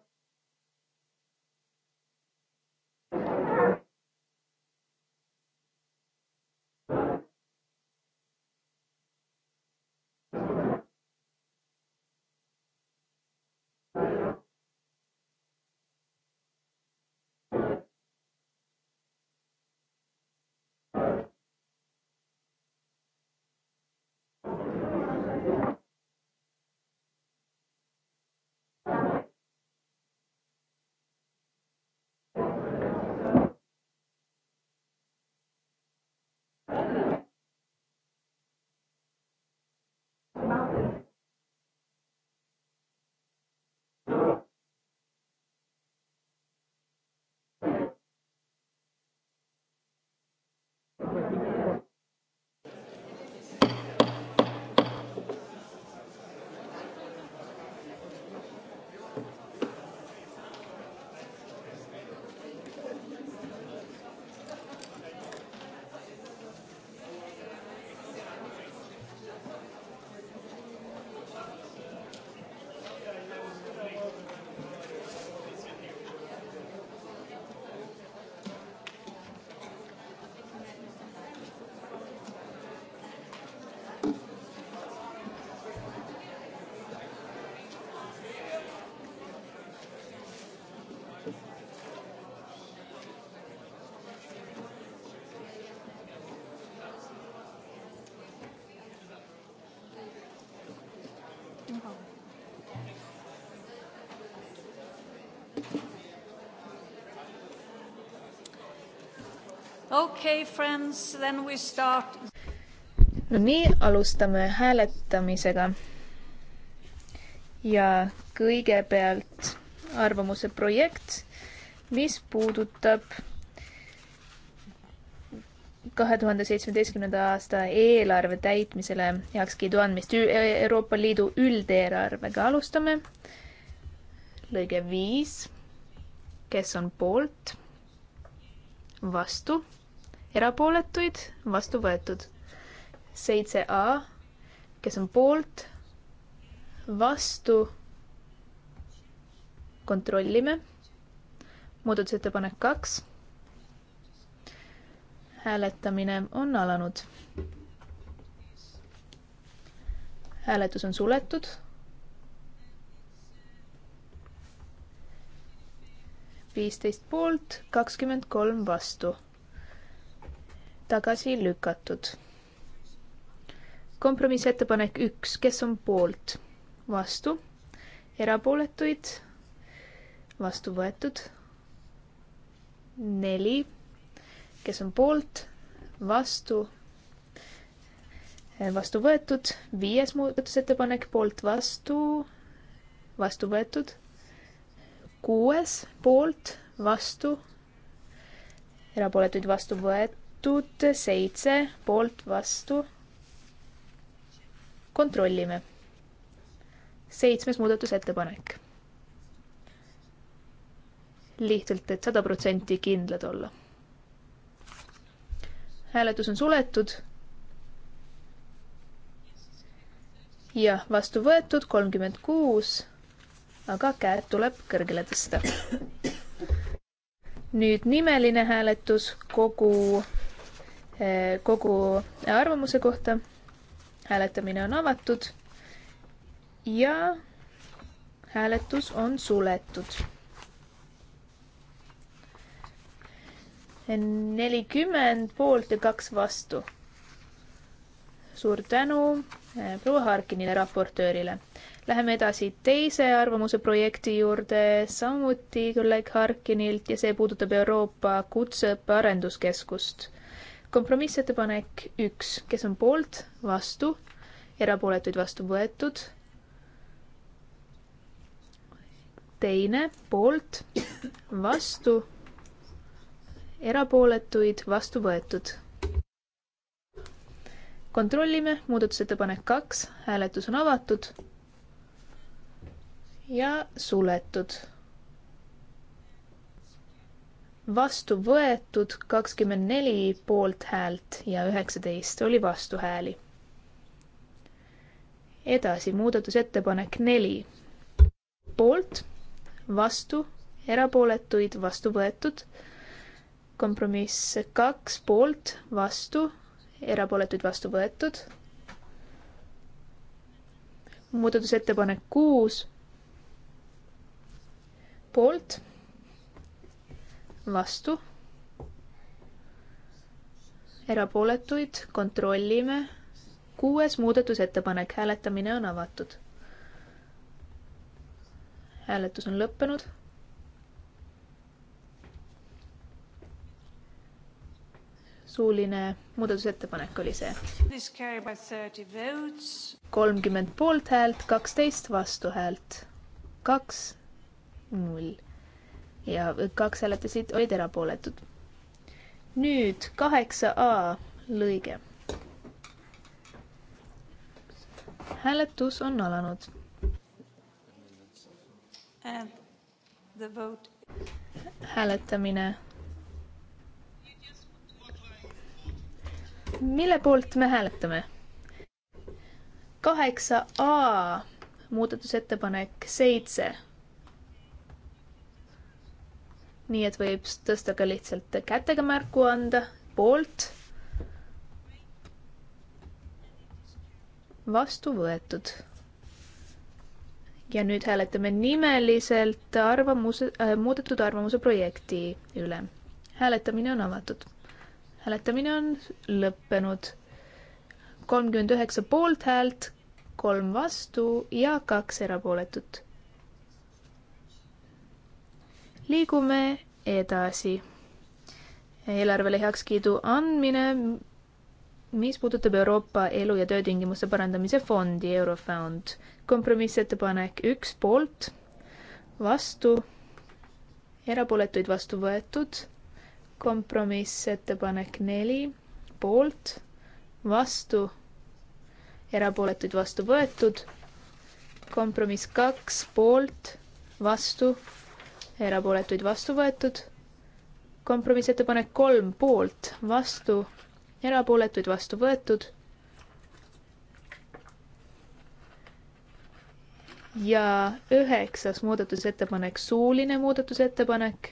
okei okay,, friends, then we start. no nii, alustame hääletamisega. ja kõigepealt arvamuse projekt, mis puudutab kahe tuhande seitsmeteistkümnenda aasta eelarve täitmisele heakskiidu andmist Euroopa Liidu üldeelarvega. alustame lõige viis, kes on poolt, vastu, erapooletuid, vastu võetud. seitse A, kes on poolt, vastu, kontrollime. muudatusettepanek kaks. hääletamine on alanud. hääletus on suletud viisteist poolt, kakskümmend kolm vastu. tagasi lükatud. kompromissettepanek üks, kes on poolt, vastu, erapooletuid, vastu võetud. neli, kes on poolt, vastu, vastu võetud, viies muudatusettepanek poolt, vastu, vastu võetud kuues poolt, vastu, erapooletuid vastu võetud, seitse poolt, vastu. kontrollime. seitsmes muudatusettepanek. lihtsalt, et sada protsenti kindlad olla. hääletus on suletud jah, vastu võetud kolmkümmend kuus aga käed tuleb kõrgele tõsta. nüüd nimeline hääletus kogu, eh, kogu arvamuse kohta. hääletamine on avatud ja hääletus on suletud. nelikümmend poolt ja kaks vastu. suur tänu eh, proua Harkinile, raportöörile. Läheme edasi teise arvamuse projekti juurde, samuti kolleeg Harkinilt ja see puudutab Euroopa Kutseõppe Arenduskeskust. kompromissettepanek üks, kes on poolt, vastu, erapooletuid vastu võetud. teine poolt, vastu, erapooletuid vastu võetud kontrollime muudatusettepanek kaks, hääletus on avatud ja suletud. vastu võetud kakskümmend neli poolthäält ja üheksateist oli vastuhääli. edasi muudatusettepanek neli. poolt, vastu, erapooletuid, vastu võetud. kompromiss kaks poolt, vastu, erapooletuid, vastu võetud muudatusettepanek kuus poolt, vastu, erapooletuid kontrollime. kuues muudatusettepanek, hääletamine on avatud. hääletus on lõppenud. suuline muudatusettepanek oli see. kolmkümmend poolthäält, kaksteist vastuhäält, kaks null. ja kaks hääletasid, olid erapooletud. nüüd kaheksa A lõige. hääletus on alanud. hääletamine. mille poolt me hääletame? kaheksa A muudatusettepanek seitse nii et võib tõsta ka lihtsalt kätega märku anda, poolt, vastu võetud. ja nüüd hääletame nimeliselt arvamuse äh,, muudetud arvamuse projekti üle. hääletamine on avatud. hääletamine on lõppenud. kolmkümmend üheksa poolthäält, kolm vastu ja kaks erapooletut liigume edasi. eelarvele heakskiidu andmine, mis puudutab Euroopa elu- ja töötingimuste parandamise fondi Eurofond. kompromissettepanek üks poolt, vastu, erapooletuid vastu võetud. kompromissettepanek neli poolt, vastu, erapooletuid vastu võetud. kompromiss kaks poolt, vastu erapooletuid vastu võetud. kompromissettepanek kolm poolt, vastu, erapooletuid vastu võetud. ja üheksas muudatusettepanek, suuline muudatusettepanek.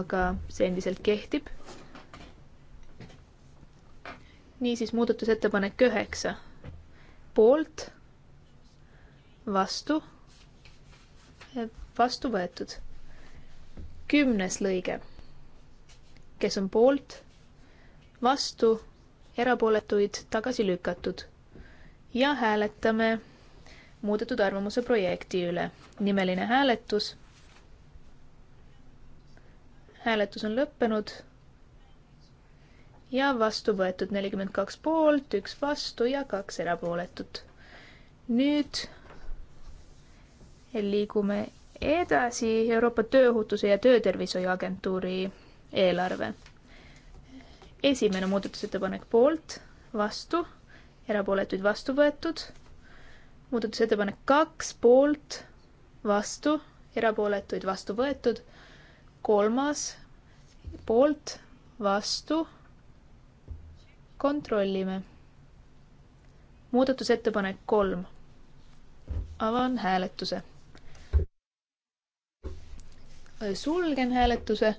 aga see endiselt kehtib. niisiis muudatusettepanek üheksa, poolt, vastu vastu võetud. kümnes lõige. kes on poolt, vastu, erapooletuid tagasi lükatud. ja hääletame muudetud arvamuse projekti üle. nimeline hääletus. hääletus on lõppenud ja vastu võetud nelikümmend kaks poolt, üks vastu ja kaks erapooletut. nüüd liigume edasi Euroopa Tööohutuse ja Töötervishoiu Agentuuri eelarve. esimene muudatusettepanek poolt, vastu, erapooletuid vastu võetud. muudatusettepanek kaks poolt, vastu, erapooletuid vastu võetud. kolmas poolt, vastu. kontrollime. muudatusettepanek kolm. avan hääletuse sulgen hääletuse.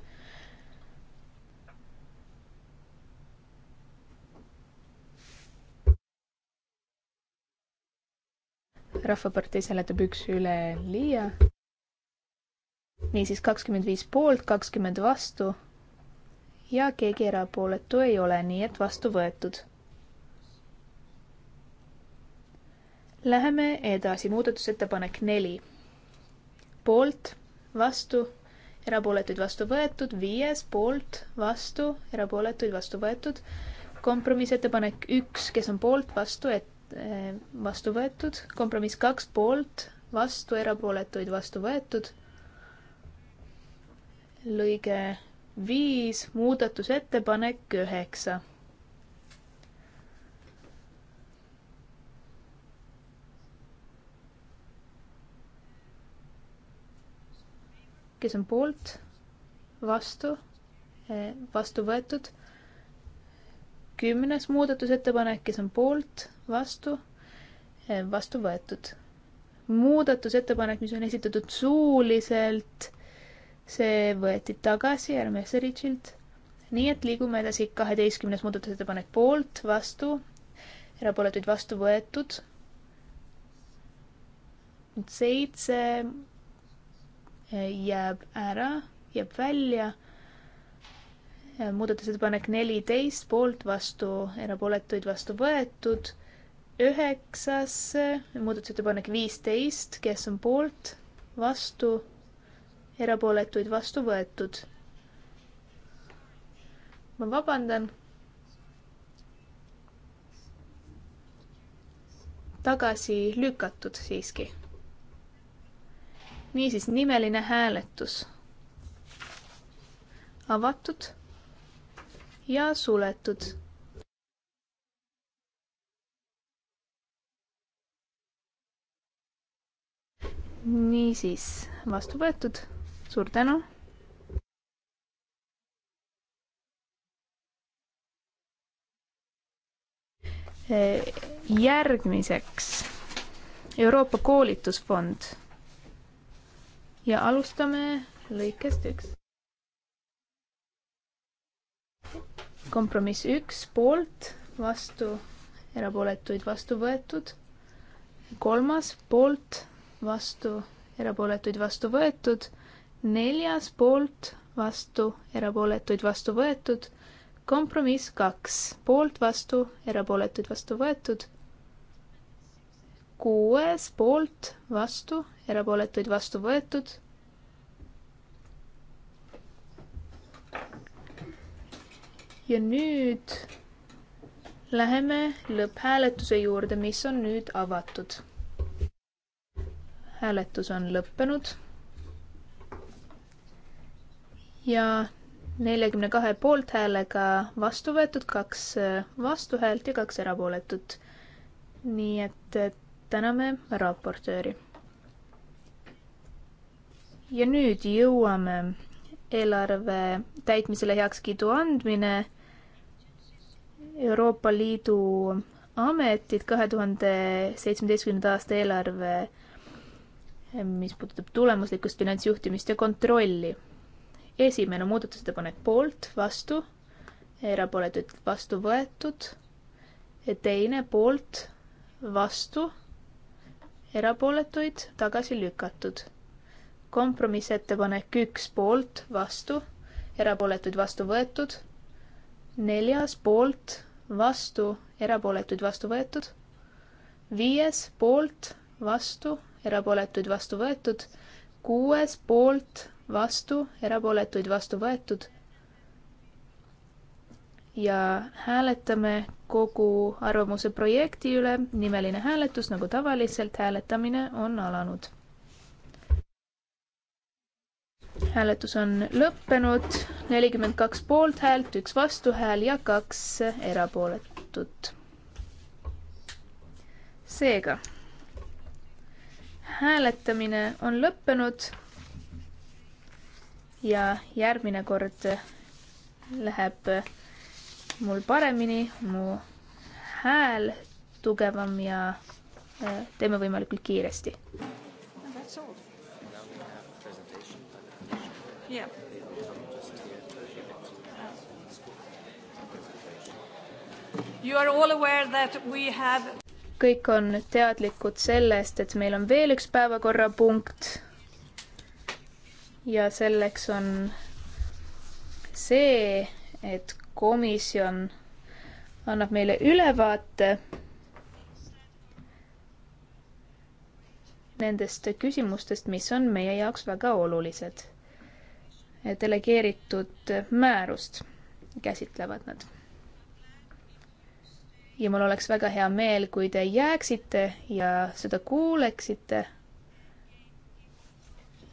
rahvaparteis hääletab üks üle liia. niisiis kakskümmend viis poolt, kakskümmend vastu ja keegi erapooletu ei ole, nii et vastu võetud. Läheme edasi, muudatusettepanek neli. poolt, vastu erapooletuid vastu võetud, viies poolt, vastu, erapooletuid vastu võetud. kompromissettepanek üks, kes on poolt, vastu, et äh, vastu võetud, kompromiss kaks poolt, vastu, erapooletuid vastu võetud. lõige viis, muudatusettepanek üheksa kes on poolt, vastu, eh, vastu võetud. kümnes muudatusettepanek, kes on poolt, vastu, eh, vastu võetud. muudatusettepanek, mis on esitatud suuliselt, see võeti tagasi härra Messerichilt. nii et liigume edasi kaheteistkümnes muudatusettepanek poolt, vastu, erapooletuid vastu võetud. seitse jääb ära, jääb välja. muudatusettepanek neliteist, poolt, vastu, erapooletuid, vastu võetud. üheksas muudatusettepanek viisteist, kes on poolt, vastu, erapooletuid, vastu võetud. ma vabandan tagasi lükatud siiski niisiis, nimeline hääletus. avatud ja suletud. niisiis, vastu võetud, suur tänu. järgmiseks Euroopa koolitusfond ja alustame lõikest üks. kompromiss üks poolt, vastu, erapooletuid vastu võetud. kolmas poolt, vastu, erapooletuid vastu võetud. neljas poolt, vastu, erapooletuid vastu võetud kompromiss kaks, poolt vastu, erapooletuid vastu võetud kuues poolt, vastu, erapooletuid vastu võetud. ja nüüd läheme lõpphääletuse juurde, mis on nüüd avatud. hääletus on lõppenud. ja neljakümne kahe poolthäälega vastu võetud, kaks vastuhäält ja kaks erapooletut. nii et, et täname raportööri. ja nüüd jõuame eelarve täitmisele heakskiidu andmine Euroopa Liidu ametid kahe tuhande seitsmeteistkümnenda aasta eelarve, mis puudutab tulemuslikkust, finantsjuhtimist ja kontrolli. esimene muudatusettepanek poolt, vastu, erapooletud, vastu võetud. teine poolt, vastu erapooletuid tagasi lükatud. kompromissettepanek üks poolt, vastu, erapooletuid vastu võetud. neljas poolt, vastu, erapooletuid vastu võetud. viies poolt, vastu, erapooletuid vastu võetud. kuues poolt, vastu, erapooletuid vastu võetud ja hääletame kogu arvamuse projekti üle. nimeline hääletus, nagu tavaliselt, hääletamine on alanud. hääletus on lõppenud, nelikümmend kaks poolthäält, üks vastuhääl ja kaks erapooletut. seega hääletamine on lõppenud ja järgmine kord läheb mul paremini, mu hääl tugevam ja äh, teeme võimalikult kiiresti. Yeah. You are all aware that we have kõik on teadlikud sellest, et meil on veel üks päevakorrapunkt. ja selleks on see, et komisjon annab meile ülevaate nendest küsimustest, mis on meie jaoks väga olulised. delegeeritud määrust käsitlevad nad. ja mul oleks väga hea meel, kui te jääksite ja seda kuuleksite.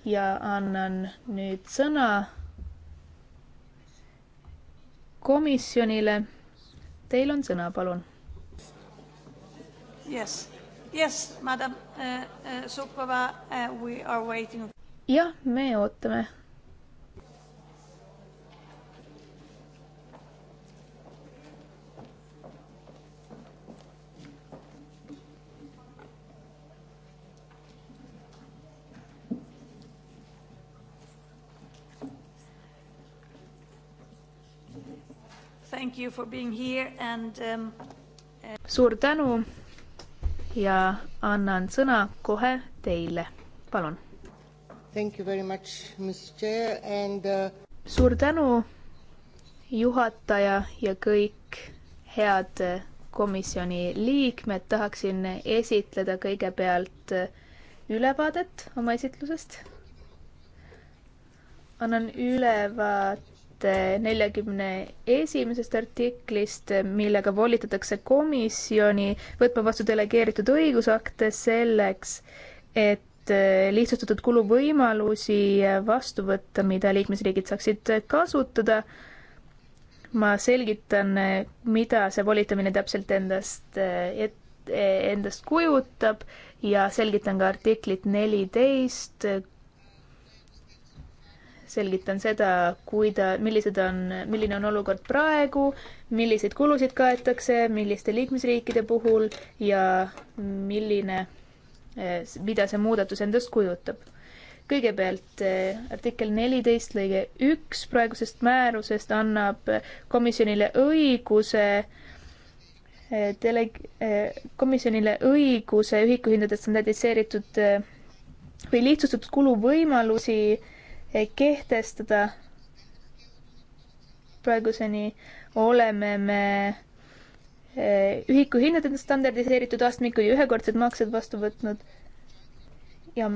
ja annan nüüd sõna komisjonile. Teil on sõna, palun. Yes, yes, madam uh, eh, uh, eh, Sukova uh,, eh, we are waiting. jah, me ootame Um... Uh, suur tänu ja annan sõna kohe teile, palun. And... Uh, suur tänu, juhataja ja kõik head komisjoni liikmed, tahaksin esitleda kõigepealt ülevaadet oma esitlusest. annan ülevaate lõikete eh, neljakümne esimesest artiklist, millega volitatakse komisjoni võtma vastu delegeeritud õigusakte selleks, et eh, lihtsustatud kuluvõimalusi vastu võtta, mida liikmesriigid saaksid kasutada. ma selgitan, eh, mida see volitamine täpselt endast, endast kujutab ja selgitan ka artiklit neliteist selgitan seda, kuida-, millised on, milline on olukord praegu, milliseid kulusid kaetakse, milliste liikmesriikide puhul ja milline, eh, mida see muudatus endast kujutab. kõigepealt eh, artikkel neliteist lõige üks praegusest määrusest annab komisjonile õiguse dele-, eh, komisjonile õiguse ühikuhindade standardiseeritud või lihtsustatud kuluvõimalusi Eh, kehtestada. praeguseni oleme me eh, ühikuhinnad on standardiseeritud astmikud ja ühekordsed maksed vastu võtnud ja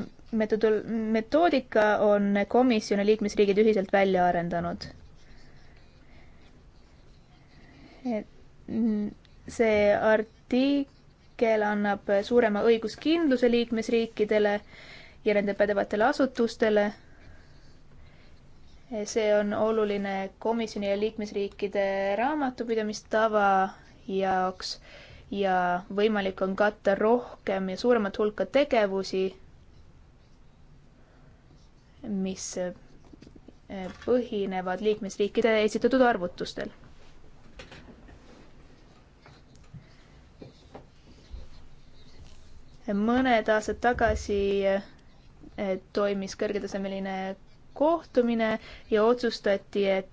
metodol-, metoodika on komisjon ja liikmesriigid ühiselt välja arendanud. see artikkel annab suurema õiguskindluse liikmesriikidele ja nende pädevatele asutustele see on oluline komisjoni ja liikmesriikide raamatupidamistava jaoks ja võimalik on katta rohkem ja suuremat hulka tegevusi, mis eh, põhinevad liikmesriikide esitatud arvutustel. mõned aastad tagasi eh, eh, toimis kõrgetasemeline kohtumine ja otsustati, et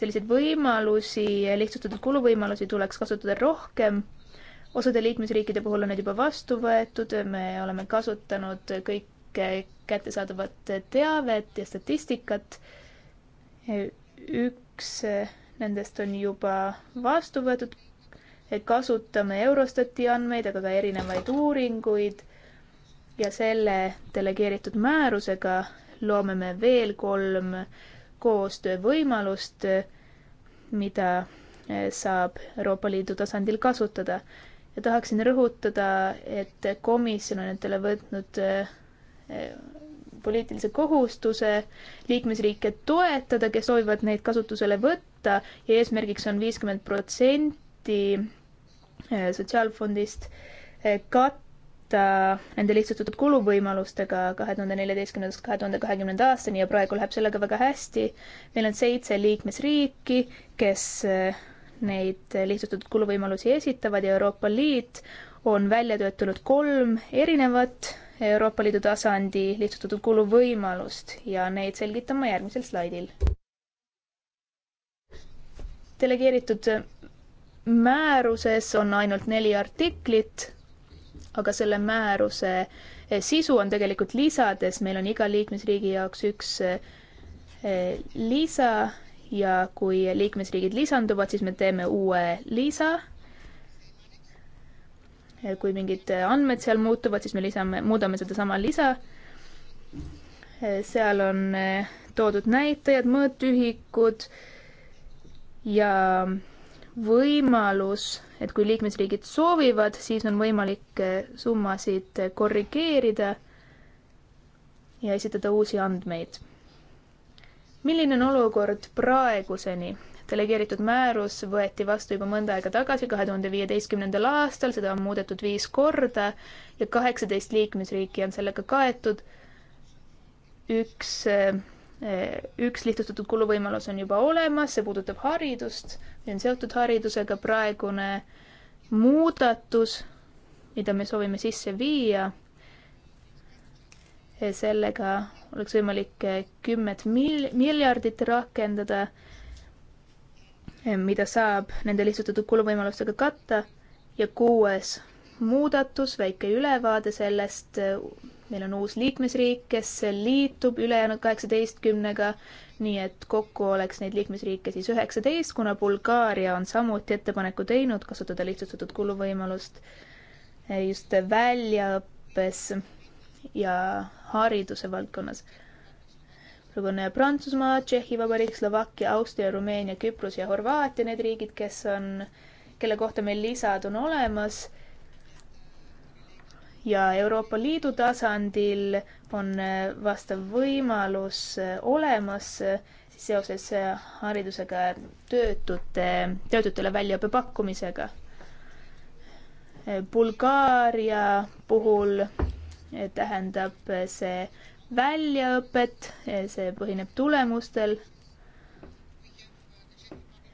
selliseid võimalusi, lihtsustatud kuluvõimalusi tuleks kasutada rohkem. osade liikmesriikide puhul on need juba vastu võetud, me oleme kasutanud kõike kättesaadavat teavet ja statistikat. üks nendest on juba vastu võetud. kasutame Eurostati andmeid, aga ka erinevaid uuringuid ja selle delegeeritud määrusega loome me veel kolm koostöövõimalust, mida eh, saab Euroopa Liidu tasandil kasutada. ja tahaksin rõhutada, et komisjon on endale võtnud eh, eh, poliitilise kohustuse liikmesriike toetada, kes soovivad neid kasutusele võtta ja eesmärgiks on viiskümmend protsenti sotsiaalfondist katta nende lihtsustatud kuluvõimalustega kahe tuhande neljateistkümnendast kahe tuhande kahekümnenda aastani ja praegu läheb sellega väga hästi. meil on seitse liikmesriiki, kes eh, neid lihtsustatud kuluvõimalusi esitavad ja Euroopa Liit on välja töötanud kolm erinevat Euroopa Liidu tasandi lihtsustatud kuluvõimalust ja neid selgitan ma järgmisel slaidil. delegeeritud määruses on ainult neli artiklit aga selle määruse eh, sisu on tegelikult lisades, meil on iga liikmesriigi jaoks üks eh, lisa ja kui liikmesriigid lisanduvad, siis me teeme uue lisa. Eh, kui mingid andmed seal muutuvad, siis me lisame, muudame sedasama lisa. seal on toodud näitajad, mõõtühikud ja võimalus, et kui liikmesriigid soovivad, siis on võimalik eh, summasid eh, korrigeerida ja esitada uusi andmeid. milline on olukord praeguseni? delegeeritud määrus võeti vastu juba mõnda aega tagasi, kahe tuhande viieteistkümnendal aastal, seda on muudetud viis korda ja kaheksateist liikmesriiki on sellega kaetud. üks eh, Eh, üks lihtsustatud kuluvõimalus on juba olemas, see puudutab haridust, see on seotud haridusega, praegune muudatus, mida me soovime sisse viia, eh, sellega oleks võimalik eh, kümmet mil-, miljardit rakendada, mida saab nende lihtsustatud kuluvõimalustega katta ja kuues muudatus, väike ülevaade sellest meil on uus liikmesriik, kes liitub ülejäänud kaheksateistkümnega, nii et kokku oleks neid liikmesriike siis üheksateist, kuna Bulgaaria on samuti ettepaneku teinud kasutada lihtsustatud kuluvõimalust just väljaõppes ja hariduse valdkonnas. praegu on Prantsusmaa, Tšehhi Vabariik, Slovakkia, Austria, Rumeenia, Küpros ja Horvaatia need riigid, kes on, kelle kohta meil lisad on olemas ja Euroopa Liidu tasandil on äh, vastav võimalus äh, olemas äh, seoses haridusega töötute, töötutele väljaõppe pakkumisega. Bulgaaria puhul tähendab see väljaõpet, see põhineb tulemustel.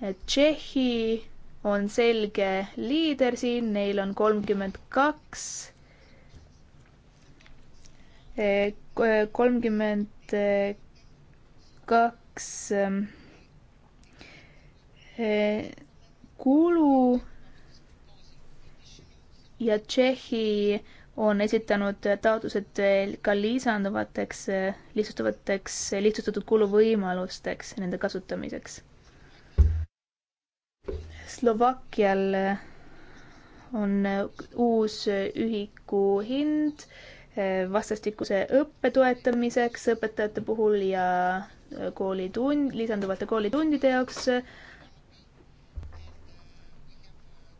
Tšehhi on selge liider siin, neil on kolmkümmend kaks kolmkümmend kaks eh, kulu ja Tšehhi on esitanud taotlused ka lisanduvateks, lihtsustavateks, lihtsustatud kuluvõimalusteks nende kasutamiseks. Slovakkial on uus ühiku hind vastastikuse õppe toetamiseks õpetajate puhul ja äh, koolitund, lisanduvate koolitundide jaoks.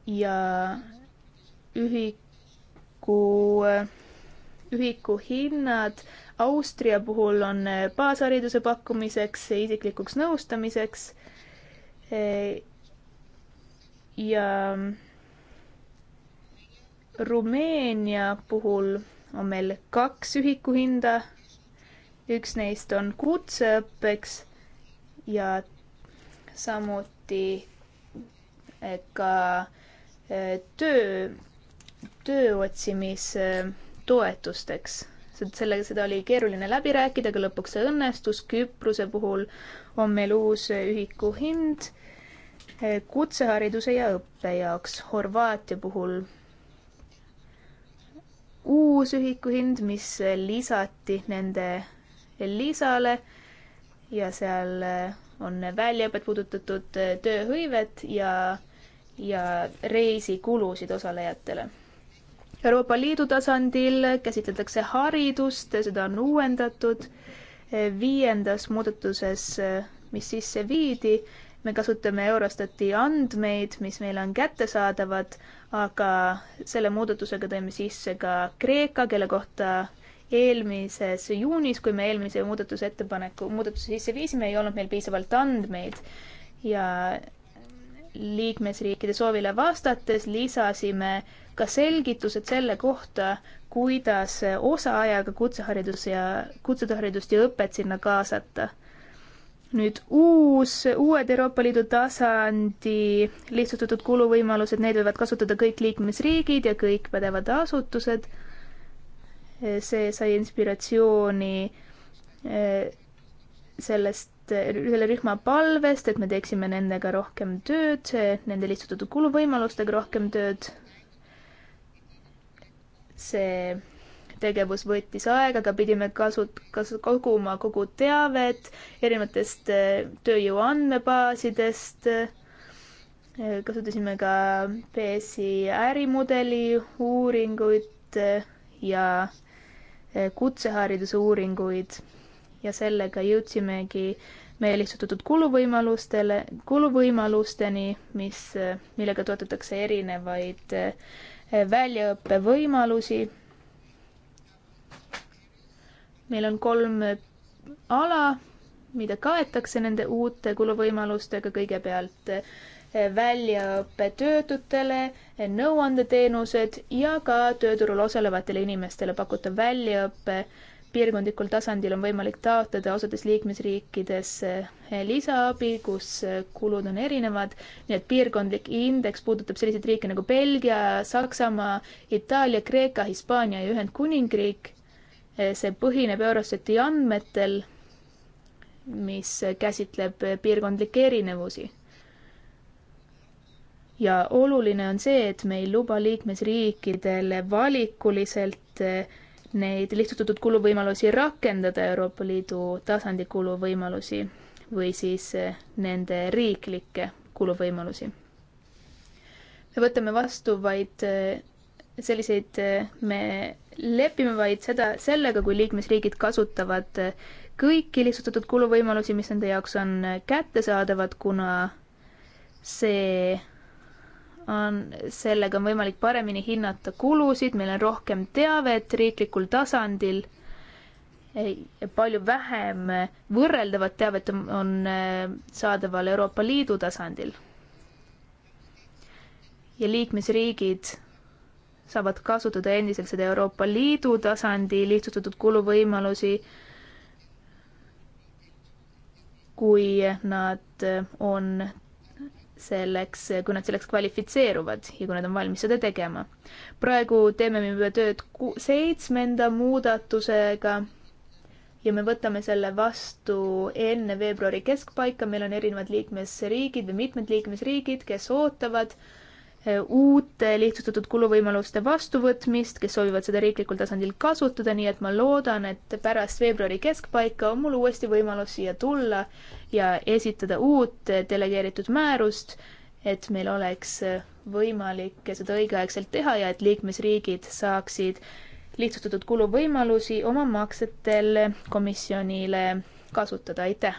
ja ühiku, äh, ühiku hinnad Austria puhul on äh, baashariduse pakkumiseks, isiklikuks nõustamiseks. ja Rumeenia puhul on meil kaks ühikuhinda. üks neist on kutseõppeks ja samuti eh, ka eh, töö, töö otsimistoetusteks. Eh, sellega, seda oli keeruline läbi rääkida, aga lõpuks see õnnestus. Küprose puhul on meil uus ühiku hind kutsehariduse ja õppe jaoks. Horvaatia puhul uus ühikuhind, mis lisati nende lisale ja seal eh, on väljaõpet puudutatud eh, tööhõivet ja, ja reisikulusid osalejatele. Euroopa Liidu tasandil käsitletakse haridust, seda on uuendatud. Eh, viiendas muudatuses, mis sisse viidi, me kasutame Eurostati andmeid, mis meile on kättesaadavad aga selle muudatusega tõime sisse ka Kreeka, kelle kohta eelmises juunis, kui me eelmise muudatusettepaneku, muudatuse sisse viisime, ei olnud meil piisavalt andmeid ja liikmesriikide soovile vastates lisasime ka selgitused selle kohta, kuidas osaajaga kutseharidus ja, kutseharidust ja õpet sinna kaasata nüüd uus, uued Euroopa Liidu tasandi lihtsustatud kuluvõimalused, neid võivad kasutada kõik liikmesriigid ja kõik pädevad asutused. see sai inspiratsiooni eh, sellest, selle rühma palvest, et me teeksime nendega rohkem tööd, nende lihtsustatud kuluvõimalustega rohkem tööd. see tegevus võttis aega, aga pidime kasut-, kas-, koguma kogu teavet erinevatest eh, tööjõu andmebaasidest, eh, kasutasime ka BS-i ärimudeli uuringuid eh, ja kutsehariduse uuringuid ja sellega jõudsimegi meie lihtsustatud kuluvõimalustele, kuluvõimalusteni, mis, millega toetatakse erinevaid väljaõppevõimalusi meil on kolm ala, mida kaetakse nende uute kuluvõimalustega, kõigepealt eh, väljaõpe töötutele, eh, nõuandeteenused ja ka tööturul osalevatele inimestele pakutav väljaõpe. piirkondlikul tasandil on võimalik taotleda osades liikmesriikides eh, lisaabi, kus kulud on erinevad. nii et piirkondlik indeks puudutab selliseid riike nagu Belgia, Saksamaa, Itaalia, Kreeka, Hispaania ja Ühendkuningriik Eh, see põhineb Eurostati andmetel, mis käsitleb eh, piirkondlikke erinevusi. ja oluline on see, et me ei luba liikmesriikidele valikuliselt eh, neid lihtsustatud kuluvõimalusi rakendada, Euroopa Liidu tasandi kuluvõimalusi või siis nende riiklikke kuluvõimalusi. me võtame vastu vaid selliseid, me lepime vaid seda, sellega, kui liikmesriigid kasutavad eh, kõiki lihtsustatud kuluvõimalusi, mis nende jaoks on eh, kättesaadavad, kuna see on, sellega on võimalik paremini hinnata kulusid, meil on rohkem teavet riiklikul tasandil, eh, palju vähem võrreldavat teavet on, on saadaval Euroopa Liidu tasandil. ja liikmesriigid saavad kasutada endiselt seda Euroopa Liidu tasandi lihtsustatud kuluvõimalusi, kui nad on selleks, kui nad selleks kvalifitseeruvad ja kui nad on valmis seda tegema. praegu teeme me juba tööd seitsmenda muudatusega ja me võtame selle vastu enne veebruari keskpaika, meil on erinevad liikmesriigid või mitmed liikmesriigid, kes ootavad äh, Eh, uute lihtsustatud kuluvõimaluste vastuvõtmist, kes soovivad seda riiklikul tasandil kasutada, nii et ma loodan, et pärast veebruari keskpaika on mul uuesti võimalus siia tulla ja esitada uut delegeeritud määrust, et meil oleks võimalik seda õigeaegselt teha ja et liikmesriigid saaksid lihtsustatud kuluvõimalusi oma maksetel komisjonile kasutada, aitäh!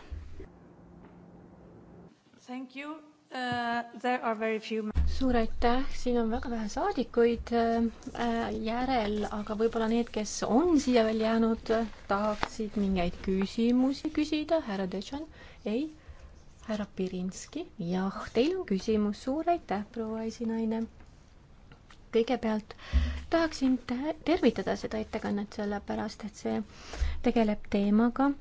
Thank you uh,. There are very few suur aitäh, siin on väga vähe saadikuid äh, järel, aga võib-olla need, kes on siia veel jäänud, tahaksid mingeid küsimusi küsida, härra Dejan, ei? härra Pirinski, jah, teil on küsimus, suur aitäh, proua esinaine. kõigepealt tahaksin te tervitada seda ettekannet, sellepärast et see tegeleb teemaga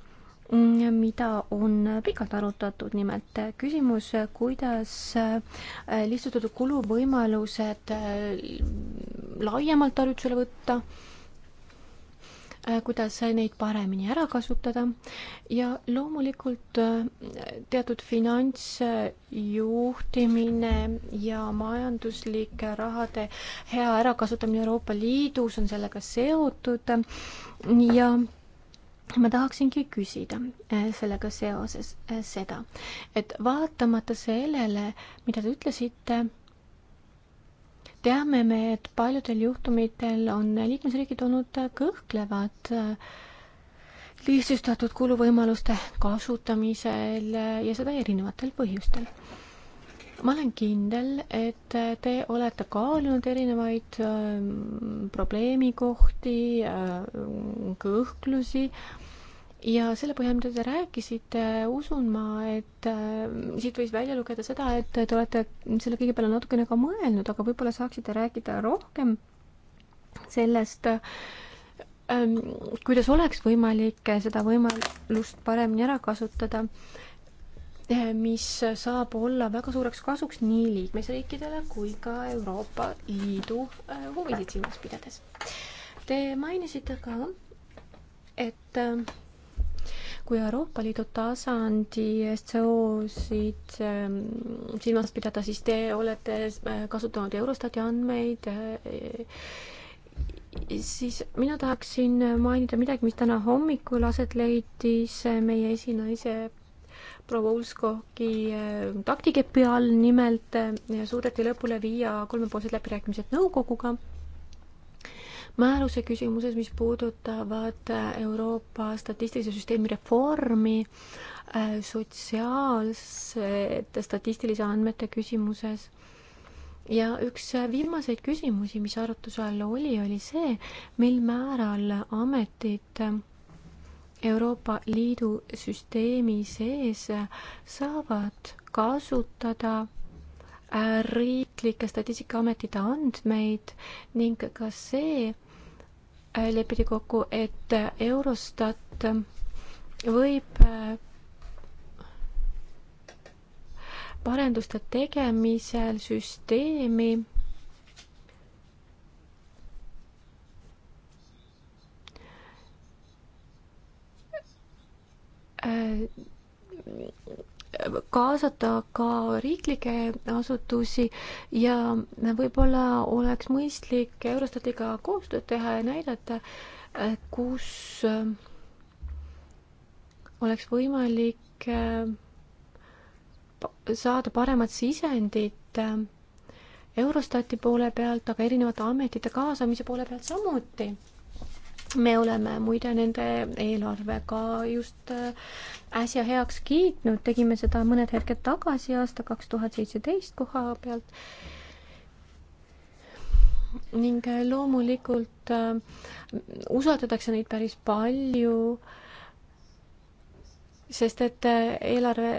mida on pikalt arutatud, nimelt küsimus, kuidas äh, lihtsustatud kuluvõimalused äh, laiemalt arutlusele võtta, äh, kuidas neid paremini ära kasutada ja loomulikult teatud finantsjuhtimine ja majanduslike rahade hea ärakasutamine Euroopa Liidus on sellega seotud ja ma tahaksingi küsida eh, sellega seoses eh, seda, et vaatamata sellele, mida te ütlesite, teame me, et paljudel juhtumitel on liikmesriigid olnud eh, kõhklevad lihtsustatud kuluvõimaluste kasutamisel ja seda erinevatel põhjustel ma olen kindel, et te olete kaalunud erinevaid äh, probleemikohti äh,, kõhklusi ja selle põhjal, mida te rääkisite, usun ma, et äh, siit võis välja lugeda seda, et te olete selle kõige peale natukene ka mõelnud, aga võib-olla saaksite rääkida rohkem sellest äh,, kuidas oleks võimalik seda võimalust paremini ära kasutada äh, mis saab olla väga suureks kasuks nii liikmesriikidele kui ka Euroopa Liidu äh, huvisid silmas pidades. Te mainisite ka, et äh, kui Euroopa Liidu tasandi SEO-sid äh, silmas pidada, siis te olete kasutanud Eurostati andmeid, siis mina tahaksin mainida midagi, mis täna hommikul aset leidis meie esinaise proua Ulskogi eh, taktikepi all, nimelt eh, suudeti lõpule viia kolmepoolsed läbirääkimised nõukoguga määruse küsimuses, mis puudutavad eh, Euroopa statistilise süsteemi reformi, sotsiaalsete statistilise andmete küsimuses. ja üks viimaseid küsimusi, mis arutluse all oli, oli see, mil määral ametid Euroopa Liidu süsteemi sees saavad kasutada äh, riiklike statistikaametite andmeid ning ka see äh, lepiti kokku, et Eurostat võib äh, parenduste tegemisel süsteemi kaasata ka riiklikke asutusi ja võib-olla oleks mõistlik Eurostatiga koostööd teha ja näidata, kus äh, oleks võimalik äh, saada paremat sisendit äh, Eurostati poole pealt, aga erinevate ametite kaasamise poole pealt samuti me oleme muide nende eelarve ka just äh, äsja heaks kiitnud, tegime seda mõned hetked tagasi aasta kaks tuhat seitseteist koha pealt. ning äh, loomulikult äh, usaldatakse neid päris palju, sest et äh, eelarve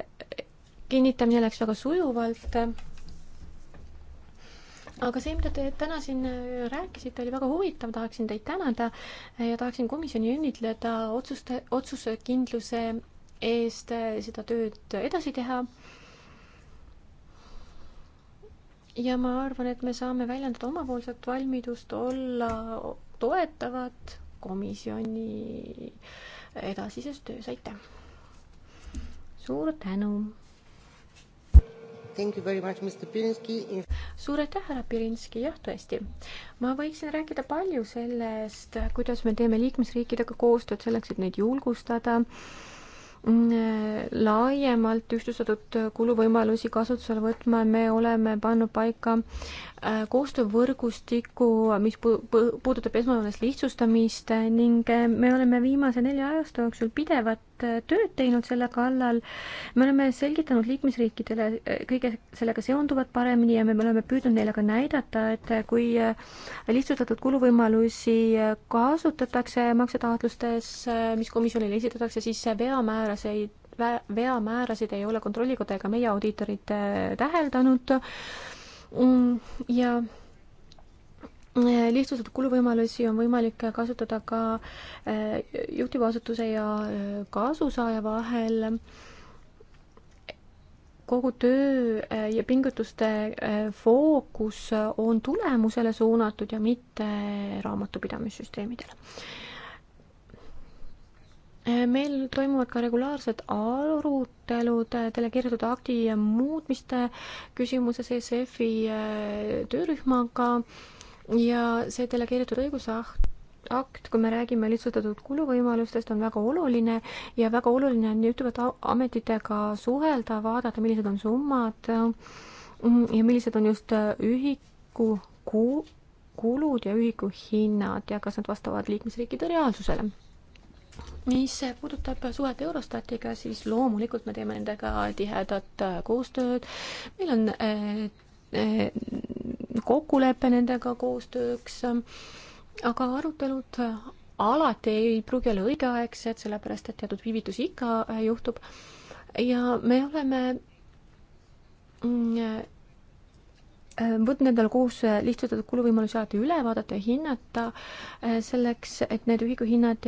kinnitamine läks väga sujuvalt aga see, mida te täna siin äh, rääkisite, oli väga huvitav, tahaksin teid tänada äh, ja tahaksin komisjoni õnnitleda otsuste, otsusekindluse eest äh, seda tööd edasi teha. ja ma arvan, et me saame väljendada omapoolset valmidust olla toetavad komisjoni edasises töös, aitäh! suur tänu! suur aitäh, härra Pirinski, jah, tõesti. ma võiksin rääkida palju sellest, kuidas me teeme liikmesriikidega koostööd selleks, et neid julgustada mm, laiemalt ühtlustatud kuluvõimalusi kasutusele võtma, me oleme pannud paika Äh, koostöövõrgustiku, mis puudutab esmajoones lihtsustamist äh, ning äh, me oleme viimase nelja aasta jooksul pidevat tööd teinud selle kallal. me oleme selgitanud liikmesriikidele kõige sellega seonduvat paremini ja me oleme püüdnud neile ka näidata, et kui lihtsustatud kuluvõimalusi kasutatakse maksetaotlustes, mis komisjonile esitatakse, siis veamääraseid veamäärasid ei ole Kontrollikoda ega meie audiitorid täheldanud Mm, ja eh, lihtsustatud kuluvõimalusi on võimalik kasutada ka eh, juhtiva asutuse ja eh, kasusaaja vahel. kogu töö ja pingutuste fookus on tulemusele suunatud ja mitte raamatupidamissüsteemidele Äh, meil toimuvad ka regulaarsed arutelud äh, delegeeritud akti muutmiste küsimuses ESF-i äh, töörühmaga ja see delegeeritud õigusakt akt, kui me räägime lihtsustatud kuluvõimalustest, on väga oluline ja väga oluline on juhtuvate ametitega suhelda, vaadata, millised on summad mm, ja millised on just ühiku ku-, kulud ja ühiku hinnad ja kas nad vastavad liikmesriikide reaalsusele mis puudutab suhet Eurostatiga, siis loomulikult me teeme nendega tihedat koostööd, meil on eh, eh, kokkulepe nendega koostööks, aga arutelud alati ei pruugi olla õigeaegsed, sellepärast et teatud viivitusi ikka eh, juhtub ja me oleme mm, võtnud endale koos lihtsustatud kuluvõimalusi alati üle vaadata ja hinnata selleks, et need ühikuhinnad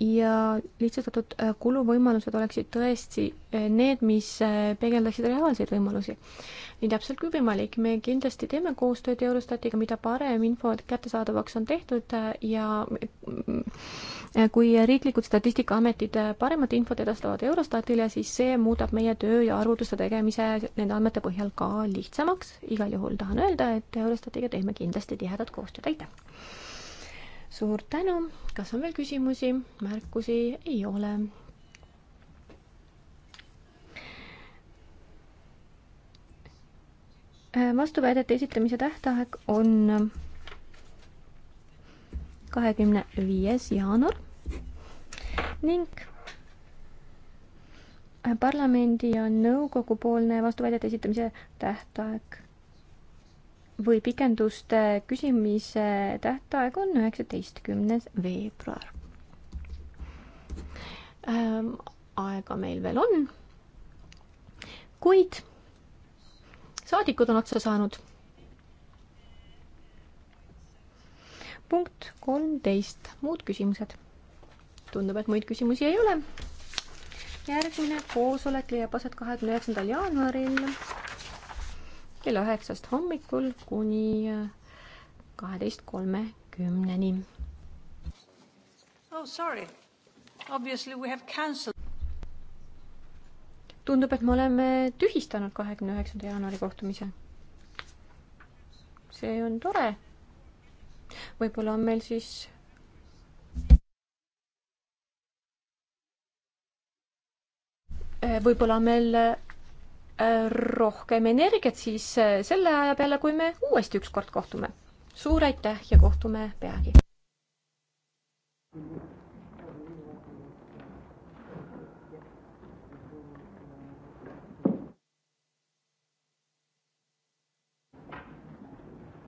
ja lihtsustatud äh, kuluvõimalused oleksid tõesti äh, need, mis äh, peegeldaksid reaalseid võimalusi. nii täpselt kui võimalik, me kindlasti teeme koostööd Eurostatiga, mida parem info kättesaadavaks on tehtud ja kui riiklikud statistikaametid paremat infot edastavad Eurostatile, siis see muudab meie töö ja arvutuste tegemise nende andmete põhjal ka lihtsamaks. igal juhul tahan öelda, et Eurostatiga teeme kindlasti tihedat koostööd, aitäh! suur tänu, kas on veel küsimusi, märkusi? ei ole. Äh, vastuväidete esitamise tähtaeg on kahekümne viies jaanuar ning äh, parlamendi ja nõukogu poolne vastuväidete esitamise tähtaeg või pikenduste küsimise tähtaeg on üheksateistkümnes veebruar. Ehm, aega meil veel on, kuid saadikud on otsa saanud. punkt kolmteist, muud küsimused. tundub, et muid küsimusi ei ole. järgmine koosolek leiab aset kahekümne üheksandal jaanuaril kella üheksast hommikul kuni äh, kaheteist kolmekümneni. Oh sorry, obviously we have cancelled. tundub, et me oleme tühistanud kahekümne üheksanda jaanuari kohtumise. see on tore. võib-olla on meil siis võib-olla on meil rohkem energiat siis eh, selle aja peale, kui me uuesti ükskord kohtume. suur aitäh ja kohtume peagi!